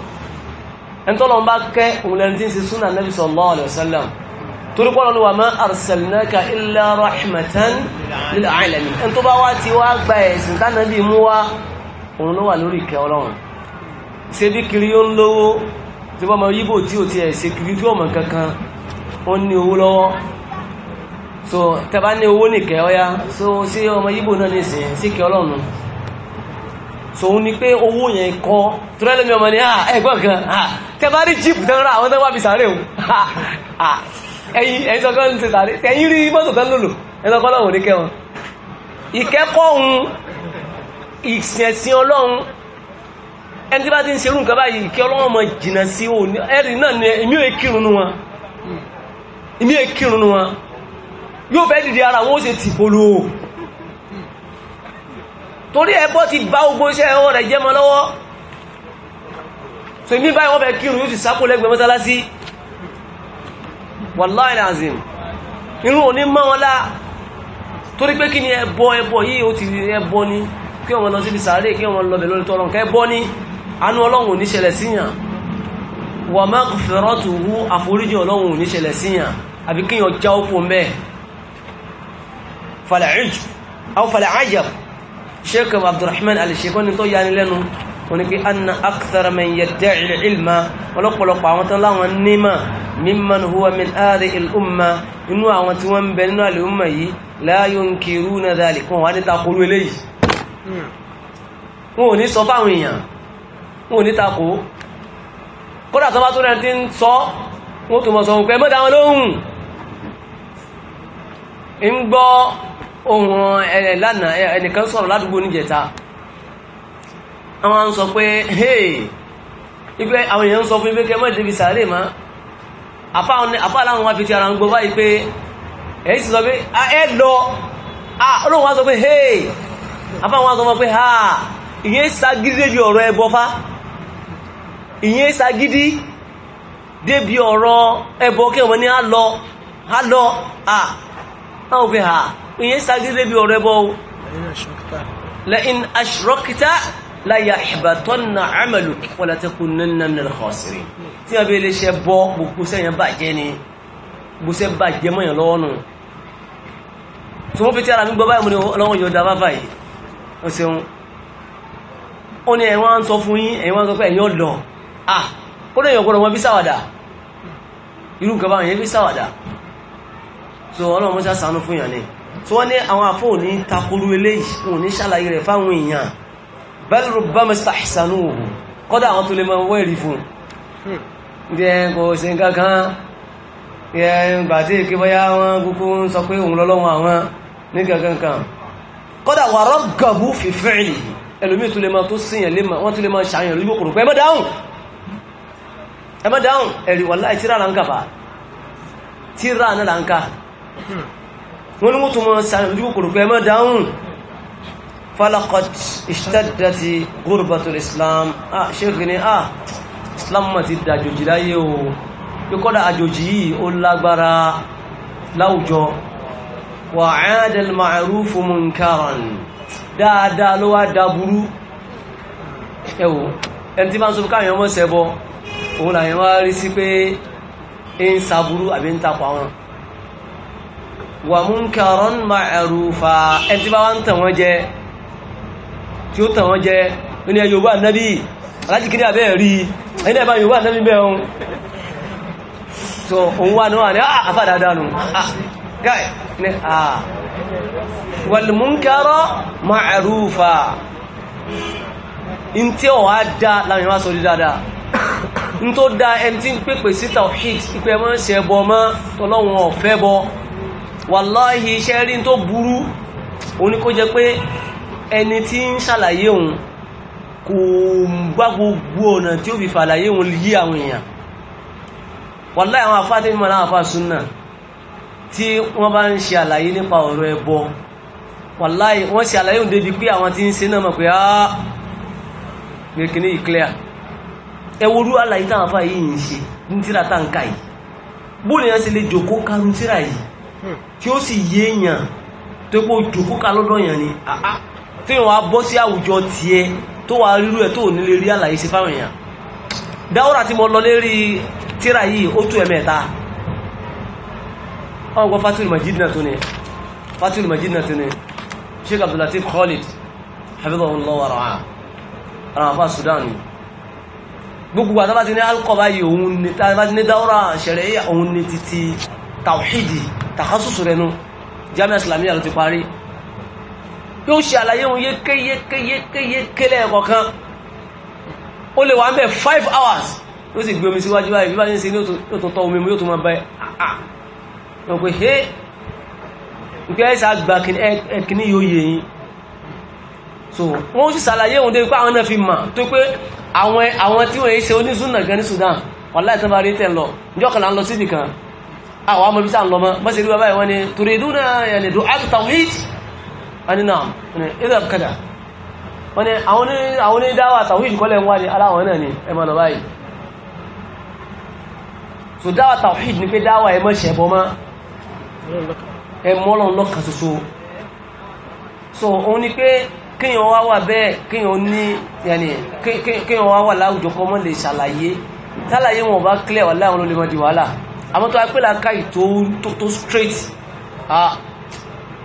òun ló wà lórí ìkẹ́ ọlọ́run ṣe bí kiri ó ń lówó tí wọ́n mọ yíbò tí ò ti ẹ̀ ṣe kiri tí ó mọ̀ kankan ó ní owó lọ́wọ́ so tẹ́bá ní owó nìkẹ́ ọya so sí ọmọ yíbò náà nìsín sí ìkẹ́ ọlọ́run so òun ni pé owó yẹn kọ́ tọ́lẹ́lẹ́mí ọmọ ni ah, ẹ̀gbọ́n kan ah, tẹ́bá rí jíìpù tẹ́ ra àwọn tẹ́wà bí sàárè o ah, ẹ̀yìn ẹ̀yìn sọ́kọ́ ń ṣe sàárè ẹ̀yìn rí mọ́tò tán lòlò ẹ̀sọ́kọ́ ìsẹ̀sìn ọlọ́run ẹni tí bá ti ń serú nǹkan báyìí kí ọlọ́run mọ̀ jìnà sí òní ẹ̀rì náà ni èmi ò kírun wọn èmi ò kírun wọn yóò fẹ́ dìde ara wọn ó ṣe tìpolo torí ẹbọ ti bá ogbó iṣẹ́ ọwọ́ rẹ̀ jẹ́ mọ́ lọ́wọ́ so èmi báyìí wọ́n fẹ́ kírun yóò sì sápò lẹ́gbẹ̀ẹ́ mọ́sálásí wàláì azim irun òní mọ́ wọn lá torí pé kí ni ẹbọ ẹbọ yìí ó ti ẹbọ ni kí wọ́n lọ síbi sàárè kí wọ́n lọ bẹ̀ lórí tọ́lọ́ kẹ́ bọ́ ní anú ọlọ́run oníṣẹ̀lẹ̀ síyàn wà má fẹ̀rọ̀ tó wú àforíjì ọlọ́run oníṣẹ̀lẹ̀ síyàn àbí kí wọ́n já òkú mẹ́ falẹ̀ ajab sheikh abdulrahman alishekun ni tó yani lẹ́nu wọ́n kí anna akthar man yadda'i al-ilma ọlọ́pọ̀lọpọ̀ àwọn tán láwọn nímọ̀ mimman huwa min aadi al inú àwọn tí wọ́n ń bẹ nínú al-umma yìí la yunkiruna dhalik wọ́n wá ní takoru eléyìí Hmm. wọn ò ní sọ fáwọn èèyàn wọn ò ní takò kódà tó bá tó rẹ̀ tí ń sọ wọ́n tó mọ̀ sọ òkú wọn lóhùn ń ohun ẹnìkan sọ̀rọ̀ níjẹta àwọn sọ pé hey àwọn èèyàn sọ fún ma wá fi ti ara ń gbọ́ sọ pé ẹ lọ olóhùn wá sọ pé afáwọn àtọ́mọ́ pé ha ìyẹn sagídí débi ọ̀rọ̀ ẹbọfá ìyẹn sagídí débi ọ̀rọ̀ ẹbọ kí wọ́n ní á lọ á lọ à náà pé ha ìyẹn sagídí débi ọ̀rọ̀ ẹbọ o lẹ́yìn aṣọ́kítà láyà ìbàtọ́nà àmàlù wala takunanna minal khasirin tí wọ́n bí ilé iṣẹ́ bọ́ gbogbo sẹ́yìn bàjẹ́ ni gbogbo fi tí ara mi gbọ́ báyìí mo ní ọlọ́wọ́ yóò dá báyìí ó ṣeun ó ní ẹ̀wọ́n ń sọ fún yín ẹ̀wọ́n sọ pé ẹ̀yìn ọ̀lọ́ ah kó lè yàn gbọ́dọ̀ wọn bí sáwàdà irú nǹkan báwọn yẹn bí sáwàdà so ọlọ́run mọ́ṣá sànú fún yàn ni so wọ́n ní àwọn afọ́ òní takoru eléyìí wọn ò ní ṣàlàyé rẹ̀ fáwọn èèyàn bal rubbama istahsanuhu kọ́dà àwọn tó lè máa wọ́ ẹ̀rí fún un hmm. jẹ́ kò ṣe nǹkan kan yẹ gbàtí ìkébọ́yá wọn gbogbo ń sọ pé òun lọ́lọ́run kọ́dà wà rọ́gàbú fi fẹ́ẹ̀lì ẹlòmí tó lè máa tó síyàn lè máa wọ́n tó lè máa ṣàyàn lójú kòrò pé ẹmọ́dáhùn ẹmọ́dáhùn ẹ̀rì wà láì tíra láǹkà bá tíra náà láǹkà wọ́n ni wọ́n tó máa ṣàyàn lójú kòrò pé ẹmọ́dáhùn falakot ishtadati gurbatul islam ah ṣéèkì ni wà áádẹ́l ma'rúfù munkaran dáadáa ló wá dáburú ẹwò ẹni tí bá ń sọ káàyàn mọ́ sẹ́bọ òun làyàn wá rí sí pé ń sàbúrú àbí ń tapọ̀ àwọn wà munkaran ma'rúfà ẹni tí bá wá ń tàn wọ́n jẹ tí ó tàn wọ́n jẹ ní ẹ yorùbá nábì alájíkiri àbẹ́ rí ẹni ẹ̀bá yorùbá nábì bẹ́ẹ̀ gáì ni à wàlùmúnkárọ́ ma'rúfà in tí ó wá dá láàrin wá sórí dáadáa in tó dá ẹni tí ń pèpè sí tawhid ipẹ́ mọ́ ṣe bọ mọ́ tọ́lọ́wọ́n ọ̀fẹ́ bọ wàláhì iṣẹ́ rí tó burú òní kó jẹ pé ẹni tí ń ṣàlàyé òun kò gbá gbogbo ọ̀nà tí ó fi fàlàyé òun yí àwọn èèyàn wàláhì àwọn afá láwọn afá tí wọ́n bá ń ṣe àlàyé nípa ọ̀rọ̀ ẹbọ wàláì wọ́n ṣe àlàyé òun débi pé àwọn tí ń ṣe náà mọ̀ pé áá pé kìíní ìclear ẹwúrú àlàyé táwọn afá yìí ń ṣe ní tíra tá ń ka yìí bó ni wọ́n ṣe lè jòkó karú tíra yìí hmm. tí ó sì yé èèyàn tó pé ó jòkó ka lọ́dọ̀ èèyàn ni tí wọ́n á bọ́ sí àwùjọ tiẹ̀ tó wàá rírú ẹ̀ tó ní lè rí àlàyé ṣe fáwọn èèyàn dáwọ́rà tí mo lọ lérí tíra yìí ó tú ẹ̀mẹ́ta wọ́n gbọ́ fatul majid náà tó ní fatul majid náà tó ní sheik abdulatif khalid hafidhahullah wa ra'a rafa sudan gbogbo àtàbà ti ní alkọba yìí òun ní tàbà ti ní dáúrà ṣẹ̀rẹ̀ òun ní títí tàwíìdì tàkásùsù rẹ̀ nú jami'a islamiyya ló ti parí yóò ṣe àlàyé òun yékéyékéyékéyéké lẹ́ẹ̀kọ̀kan ó lè wà ń bẹ̀ 5 hours ló sì gbé omi síwájú báyìí bí bá ṣe ń ṣe ní ó omi mú yóò tó máa báyìí tó pé ṣe ìpé ẹ̀sà àgbà ẹ̀kìní yóò yẹ yìí so wọ́n sì sàlàyé òun dé pé àwọn náà fi mà tó pé àwọn tí wọ́n ṣe onísúnà gan ní Sudan wàláì tán bá rí tẹ̀ lọ ìjọ kan là ń lọ síbì kan àwọn ọmọ ibísà ń lọ mọ́ bọ́sẹ̀ rí bàbá ìwọ́n ni torí ìdúnà yẹn lè dùn áàtù tawhid anina ìdá kada wọ́n ni àwọn onídáwà tawhid kọ́lẹ̀ ń wá ní aláwọ̀ náà ni ẹ máa lọ báyìí so dáwà tawhid ni pé dáwà ẹ mọ́ ṣẹ̀bọ́ máa ẹ mọ́lọ́n lọ́kàn ṣoṣo so òun ni pé kíyàn wá wà bẹ́ẹ̀ kíyàn ní yàní kíyàn wá wà láwùjọ kọ́ mọ́ lè ṣàlàyé tálàyé wọn bá clear wà láwọn olólè mọ́ di wàhálà àmọ́ tó apẹ́ la káyì tó straight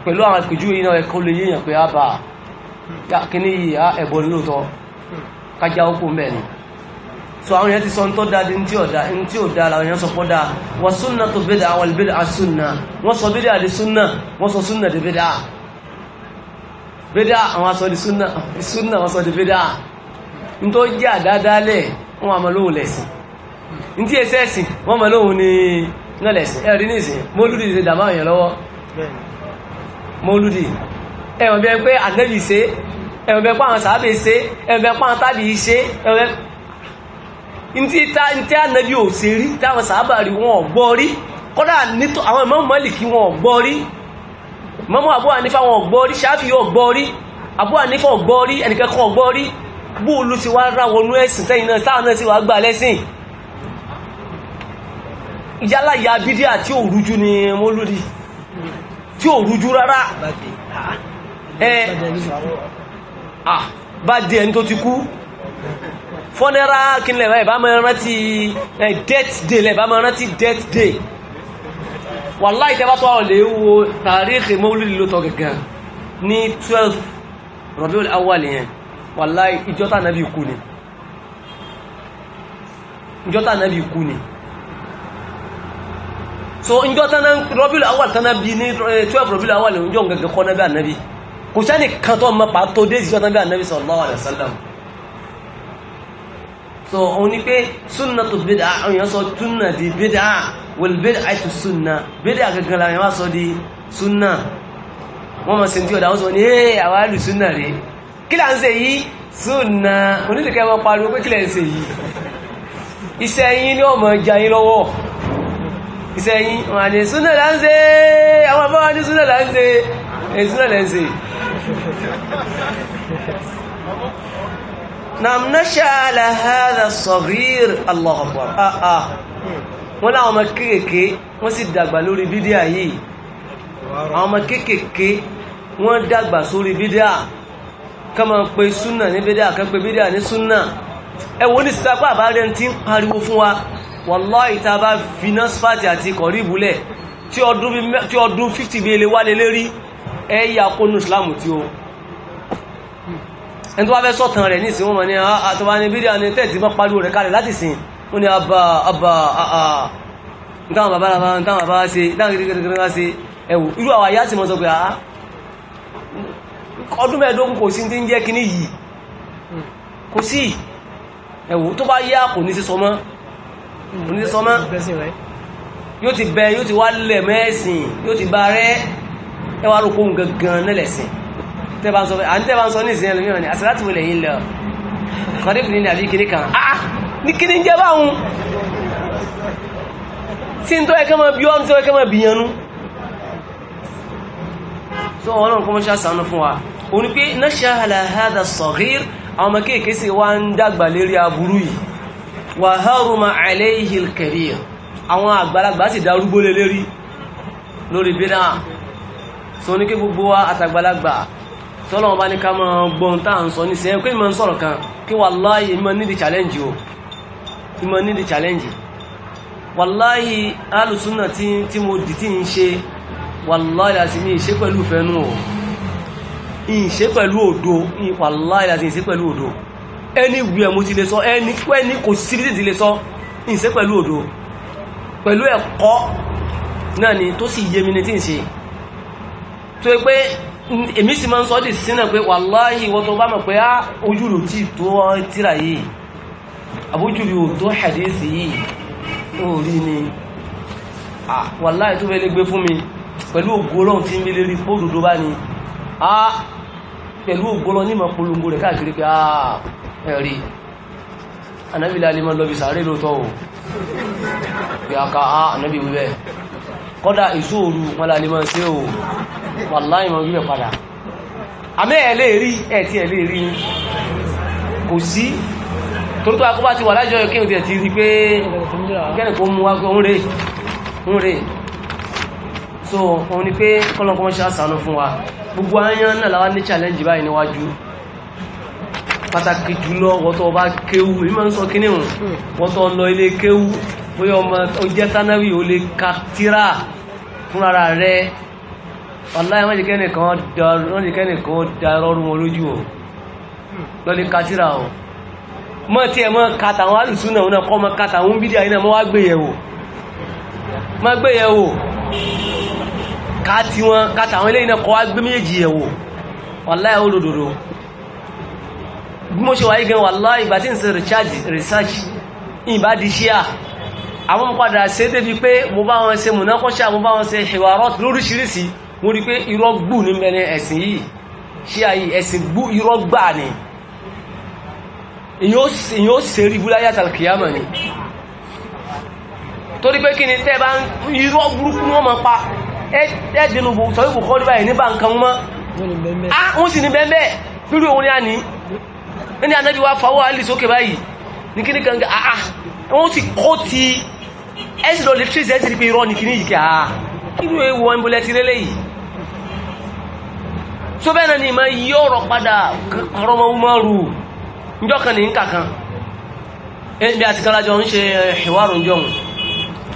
pẹ̀lú àwọn àpèjú yìí náà ẹ̀kọ́ lè yéèyàn pé á bà kíní yìí ẹ̀bọ̀ nílò tọ́ kájá ó kó mẹ́rin so àwọn èèyàn ti sọ tó dáa di tí ò dáa tí ò dáa làwọn èèyàn sọ pọ́ dáa wà súnà tó bídà àwọn ìbídà àsúnà wọ́n sọ bídà di súnà wọ́n sọ súnà di bídà bídà àwọn sọ di súnà súnà wọ́n sọ di bídà n tó jẹ́ àdáadáalẹ̀ wọn àmọ́ lóhùn lẹ̀sìn n tí èsì ẹ̀sìn wọn àmọ́ lóhùn ní náà lẹ̀sìn ẹ̀rí ní ìsìn mọ́lúdì ti dàmá ẹ̀wọ̀n bí pé ànábì ṣe ẹ̀wọ̀n bí ẹ pé ṣe ẹ̀wọ̀n bí ntí ta ntí anabi ò ṣe rí táwọn sábà rí wọn ò gbọ́ rí kódà nítò àwọn Imam Malik wọn ò gbọ́ rí Imam Abu Hanifa wọn ò gbọ́ rí Shafi ò gbọ́ rí Abu Hanifa ò gbọ́ rí ẹnìkan kan ò gbọ́ rí bóòlù ti wá ra wọnú ẹ̀sìn sẹ́yìn náà táwọn náà sì wá gbà lẹ́sìn yálà ya bídíà tí ò rújú ni mo lórí tí ò rújú rárá ẹ bá di ẹni tó ti kú ah, fọ́nẹ́rà kínlẹ̀ báyìí bá mọ́ eh, rántí death day lẹ̀ bá mọ́ rántí death day wàláì tẹ́ bá tọ́ ọ̀ lè wo tàríkì mọ́wúlì lótọ́ gẹ̀gẹ̀ ní 12 Rabiul Awwal yẹn wàláì ìjọta nàbí ikú ni ìjọta nàbí ikú ni so ìjọta Rabiul Awwal tánà bí ní 12 eh, Rabiul Awwal ìjọ gẹ̀gẹ̀ kọ́ nàbí ànàbí kò sẹ́ni kan tó mọ́ pàtó dé ìjọta nàbí ànàbí sallallahu alaihi wasallam so òun ni pé súnà tó bídà àwọn èèyàn sọ túnà di bídà wọlé bídà àìtù súnà bídà gangan làwọn èèyàn wá sọ di sunna. wọ́n mọ̀ sí ti ọ̀dà wọ́n sọ ní ẹ́ àwọn àlù súnà rẹ̀ kí là ń ṣe yìí súnà onídìkẹ́ wọn pariwo pé kí là ń ṣe yìí iṣẹ́ yín ni ọmọ ìjà yín lọ́wọ́ iṣẹ́ yín wọn àti súnà là ń ṣe àwọn àbáwá ní súnà là ń ṣe èyí súnà là ń ṣe nam nasha ala hadha saghir Allahu akbar ah ah wọ́n láwọn ọmọ kéèkéé wọ́n sì dàgbà lórí bídíà yìí àwọn ọmọ kéèkéé wọ́n dàgbà sórí bídíà kọ́mọ pé súnà ní bídíà kọ́ pé bídíà ní súnà ẹwọ́n ní sítápá àbárẹ́ ti ń pariwo fún wa wallahi tá bá venus fati àti kọ̀rí ìbúlẹ̀ tí ọdún 50 bí ele wálé lérí ẹ̀yà kónú islam tí ó ẹni tó bá fẹ́ sọ̀tàn rẹ̀ ní ìsìn wọn ni tó bá ní bídíà ni tẹ́ẹ̀tì mọ́ pariwo rẹ̀ kalẹ̀ láti sìn ó ní abà abà àà ah, ah. ntáwọn bàbá la máa ntáwọn bàbá ṣe ntáwọn kìrìkìrì wá ṣe ẹwù irú àwọn àyà sì mọ́ sọ pé àá ah, ọdún mẹ́ẹ̀ẹ́dógún kò sí ti ń tẹ́bà ń sọ à ń tẹ́bà ń sọ ní ìsìn ẹlòmíràn ni àṣírá ti wọlé yìí lọ kọ́dífù ní àbí kìíní kan ah, ah ní kìíní ń jẹ́ báwọn tí ń tó ẹkẹ́ mọ́ bí ọ́n tí ó ẹkẹ́ mọ́ bìyànú tó wọn náà kọ́mọ́ṣá sànú fún wa o ní pé náṣà aláhádà àwọn ọmọ tọ́lọ́wọ́n bá ní ká máa gbọ́n n'i ń sọ ní ìmọ̀ ń sọ̀rọ̀ kan kí wàláhì ìmọ̀ nídi challenge o ìmọ̀ nídi challenge wàláhì tí mo dì tí ń ṣe wàláhì àti ní ìṣe pẹ̀lú o ìṣe pẹ̀lú òdo àti ìṣe pẹ̀lú òdo ẹni mo ti lè sọ ẹni pẹ́ni kò sí ti lè sọ ìṣe pẹ̀lú òdo pẹ̀lú ẹ̀kọ́ náà ni tó sì yé mi ní tí ń ṣe tó èmi sì máa ń sọ́ dì sínà pé wàláhì wọ́n tó bá mọ̀ pé á ah, ojú rò tí tó tíra yìí àbójú rí ò tó hàdísì yìí ó rí ni ah, wàláhì tó fẹ́ lé gbé fún mi pẹ̀lú ògbólọ́n tí ń bí lérí pódòdó bá ni á ah, pẹ̀lú ògbólọ́n ní mọ̀ polongo rẹ̀ káàkiri pé á ẹ̀rí anábìlá lè mọ́ lọ́bi sàárè lóòótọ́ ò bí a á anábì wíwẹ́ kọ́dá èso òru wọn lálẹ́ mọ́ sí o wàláhì mọ́ wíwẹ̀ padà àmẹ́ ẹ̀ lè rí ẹ̀ tí ẹ̀ lè rí kò sí torí tó akọ́bá ti wà lájọ́ yóò kéhùn ti rí pé kẹ́nì kó mú wákọ́ ń rè ń rè so òun ni pé kọ́lọ́kọ́ ṣe àṣàánú fún wa gbogbo ayan náà láwá ní challenge báyìí níwájú pàtàkì jùlọ wọ́tọ̀ ọba kéwú èmi máa ń sọ kíníhùn wọ́tọ̀ lọ ilé kéwú bóyá ọmọ oúnjẹ sánáwì ó lè ka tíra fúnra rẹ̀ ọ̀la ẹ̀wọ́n jẹ́kẹ́ nìkan wọ́n jẹ́kẹ́ nìkan da rọrùn wọn lójú o lọ lè ka tíra o mọ́ tí ẹ̀ mọ́ ka tàwọn alùsùn náà náà kọ́ mọ́ ka tàwọn bídíà yìí náà mọ́ wá gbé yẹ̀ wò mọ́ gbé yẹ̀ wò ká tí wọ́n ká tàwọn eléyìí náà kọ́ wá gbé méjì yẹ̀ wò ọ̀la ẹ̀ olódodo bí mo ṣe wáyé gan wàlá ìgbà tí ń ṣe research ìbá di ṣíà àwọn padà ṣe débi pé mo bá wọn ṣe mùnákọ́ṣà mo bá wọn ṣe hiwarot lóríṣiríṣi mo rí pé irọ́ gbù ní mẹ́rin ẹ̀sìn yìí ṣí àyè ẹ̀sìn gbù irọ́ gbà ni ìyẹn ó ṣe rí búláyà tàlkìyàmà ni torí pé kí ni tẹ́ bá ń irọ́ burúkú wọn máa pa ẹ́ẹ̀dínú sọ́yí kò kọ́ ní ni a ní ní anábíwá fọwọ́ alì sókè báyìí ní kí ní gangan àà wọ́n sì kó ẹ̀sì lọ lè tírìsì ẹ̀sì rí pé irọ́ ní kí ní yìí kí àá kí ló ewu ọmọ ilẹ̀ ti rélẹ̀ yìí tó bẹ́ẹ̀ náà ni ma yí ọ̀rọ̀ padà ọ̀rọ̀ ọmọ umaru njọ́ kan ní ń kàkan ẹ̀bí àti kálájọ ń ṣe ìwárùn jọ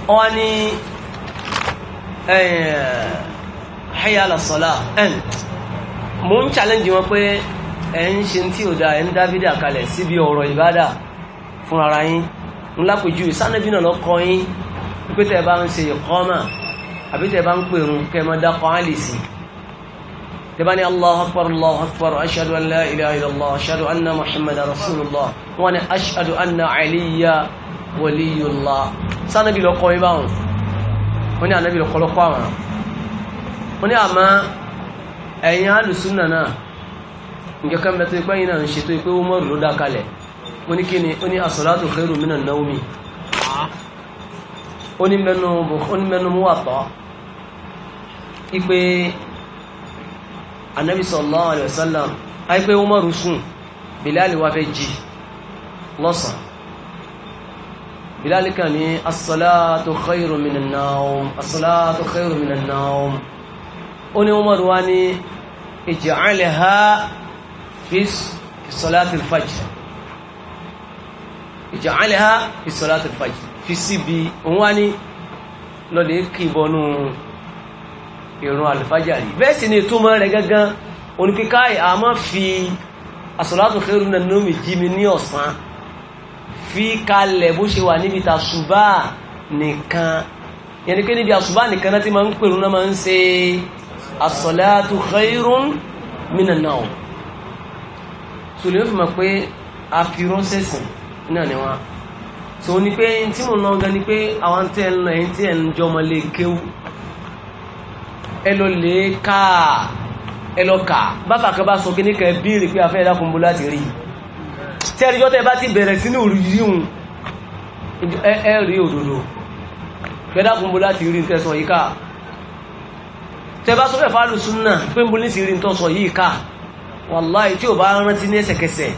wọn ni hayya ala salah ẹ̀n mo da ẹ̀ ń dá fídíà kalẹ̀ síbi ọ̀rọ̀ ìbádà fún ara yín ńlápẹ̀jù sànàbí náà lọ kọ́ yín pípẹ́ tẹ́ bá ń ṣe ìkọ́mà àbí tẹ́ bá ń pèrún kẹ́ mọ́ dákọ̀ á lè sí tẹ́ bá ní Allahu akbar Allahu akbar ashadu an la ilaha illallah ashadu anna Muhammad rasulullah wọ́n ní ashadu anna aliya waliyullah sànàbí lọ kọ́ yín báwọn wọ́n ní ànàbí lọ kọ́ lọ́kọ́ àwọn wọ́n ní àmọ́ ẹ̀yin alùsùn náà nǹkan kan bẹ́ẹ̀ tó ipá yìí náà ń ṣe tó ipé ló dá mo ní kí ni ó ní as-salatu khairu minan nawmi ó ní mẹ́nu mú àtọ́ ipe anabi sallallahu alayhi wa sallam àìpé Umaru sùn Bilal wá fẹ́ jí lọ́sàn Bilal kàn ní as-salatu khairu minan nawm as-salatu khairu minan nawm ó wá ní ij'alha ìjàálẹ́há ìsọ̀lá ti fàjì fi síbi òun wá ní lọ́lẹ̀ kí ìbọnú ìrun àlùfájàrí bẹ́ẹ̀ sì ni ìtumọ̀ rẹ̀ gangan oníkíká àmọ́ fi àsọ̀látò kẹrù náà nómi jí mi ní ọ̀sán fi kalẹ̀ bó ṣe wà níbi tàṣùbá nìkan yẹn ni pé níbi àṣùbá nìkan náà ti máa ń pèrú náà máa ń ṣe àsọ̀látò kẹrù mìnà náà sùlẹ̀ fi mọ̀ pé a fi ránṣẹ́ sìn náà ni wọn so ni pé tí mo ń lọ gan ni pé àwọn tí ẹ ń lọ ẹ̀yìn tí ẹ ń jọ ọmọ lè kéwú ẹ lọ lè ká ẹ lọ kà bàbá kan bá sọ kí ní kẹ bíìrì pé afẹ́ ẹ̀dá kúnbó láti rí tí ẹ̀rí jọ́tẹ̀ bá ti bẹ̀rẹ̀ sí ní òrìrìhùn ẹ rí òdodo ẹ̀dá kúnbó láti rí nǹkan sọ yìí ká tẹ bá sọ fẹ́ súnà pé ń bó ní rí nǹkan sọ yìí ká wàláì tí ò bá rántí ní ẹsẹ̀kẹsẹ̀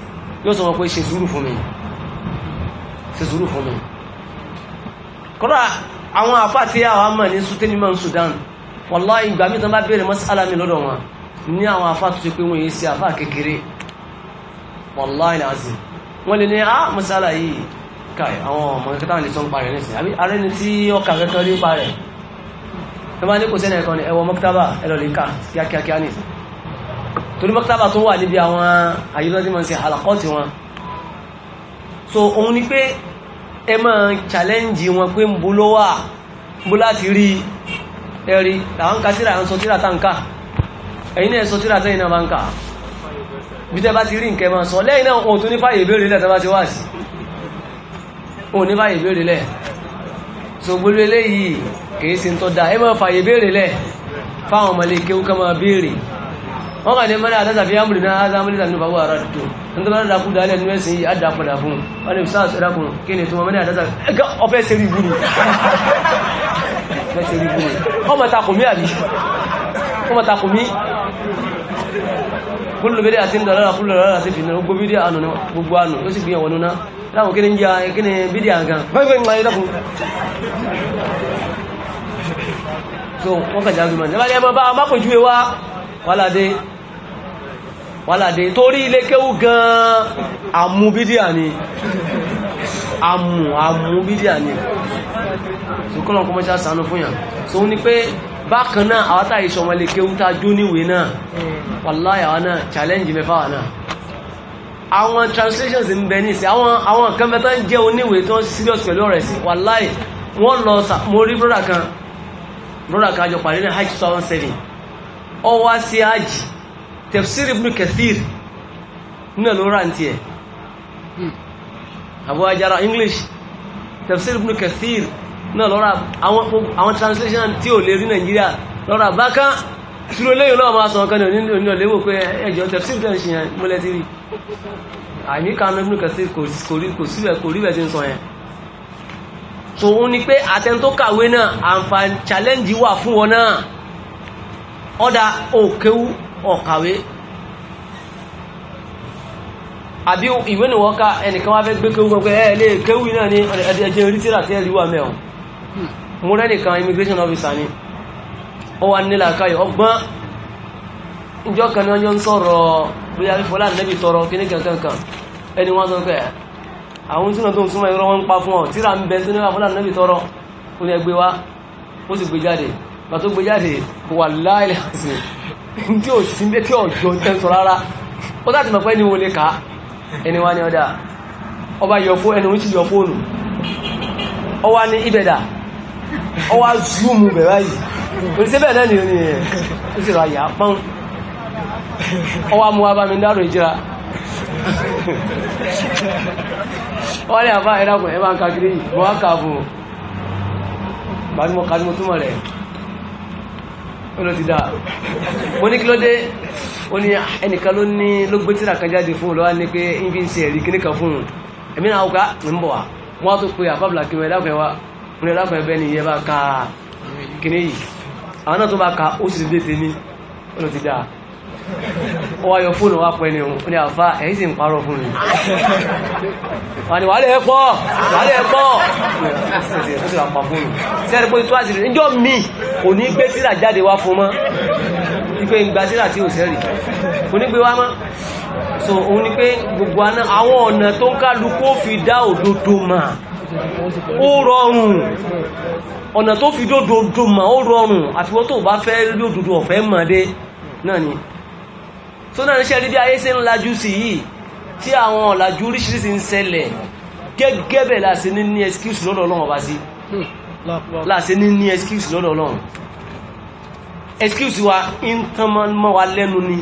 yóò sọ wọn pé ṣe sùúrù fún mi ṣe sùúrù fún mi kọ́dà àwọn àfáà tí àwọn àmà ní sútẹ́nìmọ̀ Sudan wallahi ìgbà mi tán bá bèèrè mas'ala mi lọ́dọ̀ wọn ní àwọn àfáà tó ṣe pé wọ́n yé sí àfáà kékeré wallahi alazim wọ́n lè ní á ah, mas'ala yìí káì àwọn ọmọ kẹta lè sọ ń parẹ̀ nísìn àbí ààrẹ ni tí ọkà kẹkẹ rí parẹ̀ tó bá ní kò sẹ́nà ẹ̀kan ni ẹwọ mọ́kítàbà ẹlọ lè ká kíákíákíá nìsìn torí mọ́kítàbà tó wà níbi àwọn àyílọ́dí mọ́ sí àlàkọ́ọ̀tì wọn so òun ni pé ẹ máa challenge wọn pé ń bó ló wà bó láti rí ẹ̀rí àwọn ká tíra ń sọ tíra táǹkà ẹ̀yin náà sọ tíra tẹ́yìn náà bá ń kà bí tẹ́ bá ti rí nǹkẹ́ máa sọ lẹ́yìn náà òun tó ní fàyè ìbéèrè lẹ̀ bá ti wà sí òun ní fàyè ìbéèrè lẹ̀ so gbólú eléyìí kìí sí ń tọ́ da ẹ máa fàyè ìbéèrè lẹ̀ fáwọn ọmọlé kéwú ká máa béèrè wọ́n kà ní mọ́nà àtàzàfí àmúrì náà azámúrì tàbí bàbá àrà tó tó bá dákú dálẹ̀ ní ẹ̀sìn yìí àdàpọ̀dà fún wọn ni sáà sọ́dá fún kí ni tó mọ́nà àtàzàfí ẹgbẹ́ ọfẹ́ sẹ́rí ìbúrú ọmọ takùnmí àbí ọmọ takùnmí kúlù bídí àti ìdọ̀lára kúlù lọ́rọ̀ àti fìdí gbogbo bídí ànù gbogbo ànù ó sì gbìyànwó núná láwọn kí ni jẹ́ kí ni bídí àgán fẹ́fẹ́ ìgbà yìí dákùn so wọ́n kàjá gbìmọ̀ nígbàdí ẹmọ bá mákòjúwe wá wàládé torí ilé kéwú gan àmúbídíà ni àmù àmúbídíà ni ṣùkọ́nà kọmọ́ ṣá sànú fún yàn so ní pé bákan náà àwátà ìṣọmọ ilé kéwú tá jú níwé náà wàláyà wá náà challenge mẹ́fà wà náà àwọn translations ń bẹ nísì àwọn àwọn kan mẹ́ta ń jẹ́ oníwé tó serious pẹ̀lú ọ̀rẹ́ sí wàláyà wọ́n lọ mo rí brọ́dà kan brọ́dà kan àjọ pàdé ní hajj 2007 ó sí hajj tafsir ibn kathir náà ló rántí ẹ̀ hmm. Abu Hajara english tafsir ibn kathir náà lọ́ra àwọn translation tí ò lè rí nàìjíríà lọ́ra bákan ṣúrò lẹ́yìn náà máa sọ̀kan ní onílò léwò pé ẹjọ́ tafsir tẹ́ ṣe yẹn mọ́lẹ̀ tí rí àmì kanu ibn kathir kò síbẹ̀ kò rí bẹ̀ tí ń sọ yẹn so òun ni pé àtẹn tó kàwé náà àǹfààní challenge wà fún wọn náà ọ̀dà òkèwú ọ̀kàwé àbí ìwé ni wọ́n ká ẹnìkan wá fẹ́ gbé kéwú gbogbo ẹ̀ lè kéwú náà ní ẹjẹ́ orí tíra tí ẹ̀rí wà mẹ́ọ̀ mú rẹ́nìkan immigration officer ni ó wà nílà káyọ̀ ọgbọ́n ìjọ kan ní ọjọ́ ń sọ̀rọ̀ bí i fọlá nẹ́bí tọrọ kíní kankan ẹni wọ́n sọ pé àwọn tí wọ́n tó ń súnmọ́ irọ́ wọn ń pa fún ọ tíra ń bẹ tó ní fọlá nẹ́bí tọrọ ó ní ẹgbẹ́ wa ó sì gbé jáde gbà tó gbé jáde wà láìlẹ̀ àti tí ò sí mbẹ́ tí ọ̀jọ́ tẹ́sọ rárá ó láti mọ̀ pé ẹni wo lè ká ẹni wá ní ọ̀dà ọba yọ fóònù ẹni oríṣi yọ fóònù ọ wá ní ibẹ̀dà ọ wá zoomu bẹ̀rẹ̀ yìí oríṣi bẹ́ẹ̀ náà nìyẹn nìyẹn ó sì rà yà pọ́n ọ wá mú wa bá mi dárò ìjìra ọ ní àbá ẹ̀dàkùn ẹ̀ máa ń ka kiri mo wá kà ló ti dáa mo ní kí ló dé ó ní ah, ẹnìkan ló ní ló gbé tíra kan jáde fún olówá ní pé ibi ń ṣe ẹ̀rí kíní kan fún un èmi náà ọkà ah, ń bọ̀ wá wọ́n tó pe àfábùlà kí wọ́n wá ni ìyẹn bá ó wá yọ fóònù wá pẹ́ ni òun ní àfá ẹ̀yìn sì ń parọ́ fún mi wà ní wàhálẹ̀ ẹ̀pọ̀ wàhálẹ̀ ẹ̀pọ̀ ó sì àpà fóònù sẹ́rẹ̀ pé tó àṣírí níjọ́ mi kò ní gbé sílà jáde wá fún mọ́ wípé ń gba sílà tí ò sẹ́rì kò wá mọ́ so òun ni pé gbogbo àwọn ọ̀nà tó ń kálukú fi dá òdodo mà ó rọrùn ọ̀nà tó fi dódodo mà ó rọrùn àfiwọ́n tó bá fẹ́ lódodo ọ̀fẹ́ mọ̀ náà ni tó náà níṣẹ́ rí bí ayé ṣe ń lajú sí yìí tí àwọn ọ̀làjú oríṣiríṣi ń ṣẹlẹ̀ gẹ́gẹ́ bẹ̀ láti ní ní excuse lọ́dọ̀ ọlọ́run ọba sí hmm, láti ní ní excuse lọ́dọ̀ ọlọ́run excuse wa ń tán mọ́ wa lẹ́nu ni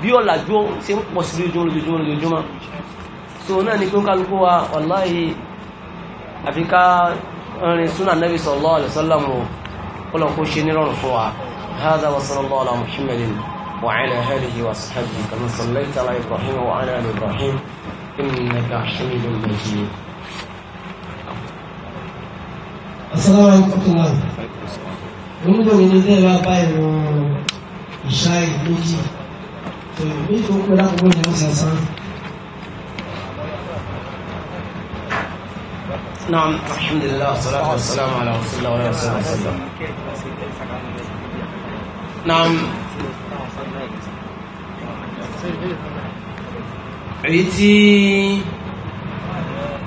bí ọ̀làjú ṣe ń pọ̀ sí lójoojúmọ́ lójoojúmọ́ lójoojúmọ́ so náà ni pé kálukú wa wàláhì àfi ká وعلى آله وأصحابه كما صليت على إبراهيم وعلى آل إبراهيم إنك حميد مجيد السلام عليكم ورحمة الله onídò ní ilé wa bá tó ní tó pẹ́ lákòókò ní ọ̀sán san. نعم الحمد لله والصلاة والسلام على رسول الله وعلى آله وصحبه وسلم. نعم èyí tí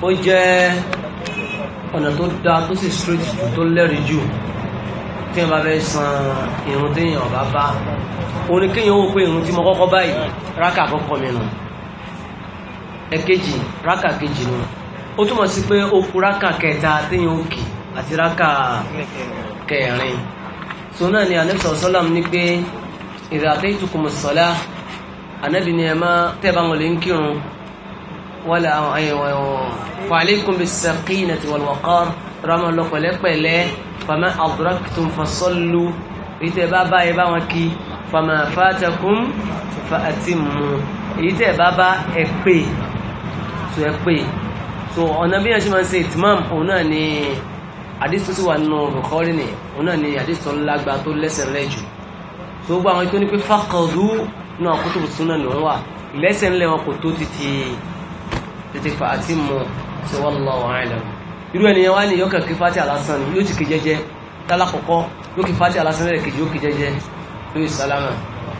ó jẹ́ ọ̀nà tó dá tó sì straight jù tó lẹ́rìí jù tí wọ́n bá fẹ́ san irun téèyàn bá bá o ní kéèyàn ó pé irun tí mo kọ́kọ́ báyìí rákà àkọ́kọ́ mi nù ẹ̀kejì rákà kejì nù ó túmọ̀ sí pé ó kù rákà kẹta téèyàn ó kì àti rákà kẹrin so náà ni anẹ́sọ̀ sọ́làm ní pé ìrìn àtẹ́yìntùkùmù sọ́lá anabi ni ẹ má tẹ́bà wọn lè ń kírun wala wa alaykum bis-saqinati wal-waqar rama lọ pẹ̀lẹ́pẹ̀lẹ́ fama adraktum fasallu èyí tẹ́ bá bá ẹ bá wọn kí fama fatakum fa atimmu èyí tẹ́ bá bá ẹ pè so ẹ pè so ọ̀nà bí wọ́n ṣe máa ń ṣe ìtìmọ́m òun náà ni àdìsó wà nínú Bukhari òun náà ni àdìsó ńlá gba tó lẹ́sẹ̀ rẹ̀ jù so gbogbo àwọn tó ní pé faqadu náà kútùbù súnà ni wọ́n wà lẹ́sẹ̀ ńlẹ̀ wọn kò tó títí títí fa àti mọ̀ sí wọ́n lọ wọ́n rẹ̀ lẹ́nu irú ènìyàn wá ní yóò kàn kí fati alásán ni yóò ti kì jẹ́jẹ́ tálákọ̀ọ́kọ́ yóò kì fati alásán lẹ́rẹ̀ kejì yóò kì jẹ́jẹ́ lórí sálámà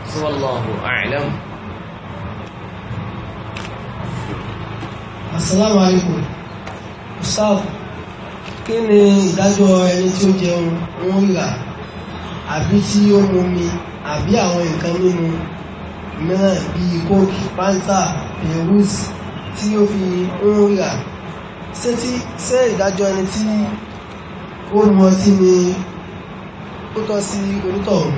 sí wọ́n lọ wọ́n rẹ̀ lẹ́nu. Assalamu alaikum Ustaz kí ni ìdájọ́ ẹni tí ó jẹun ń rà àbí tí ó mumi àbí àwọn nǹkan mímu mìíràn bíi coke fanta perus tí ó fi ń rà ṣé tí ṣé ìdájọ́ ẹni tí ó mọ sí ni ó tọ́ sí onítọ̀ ọ̀hún.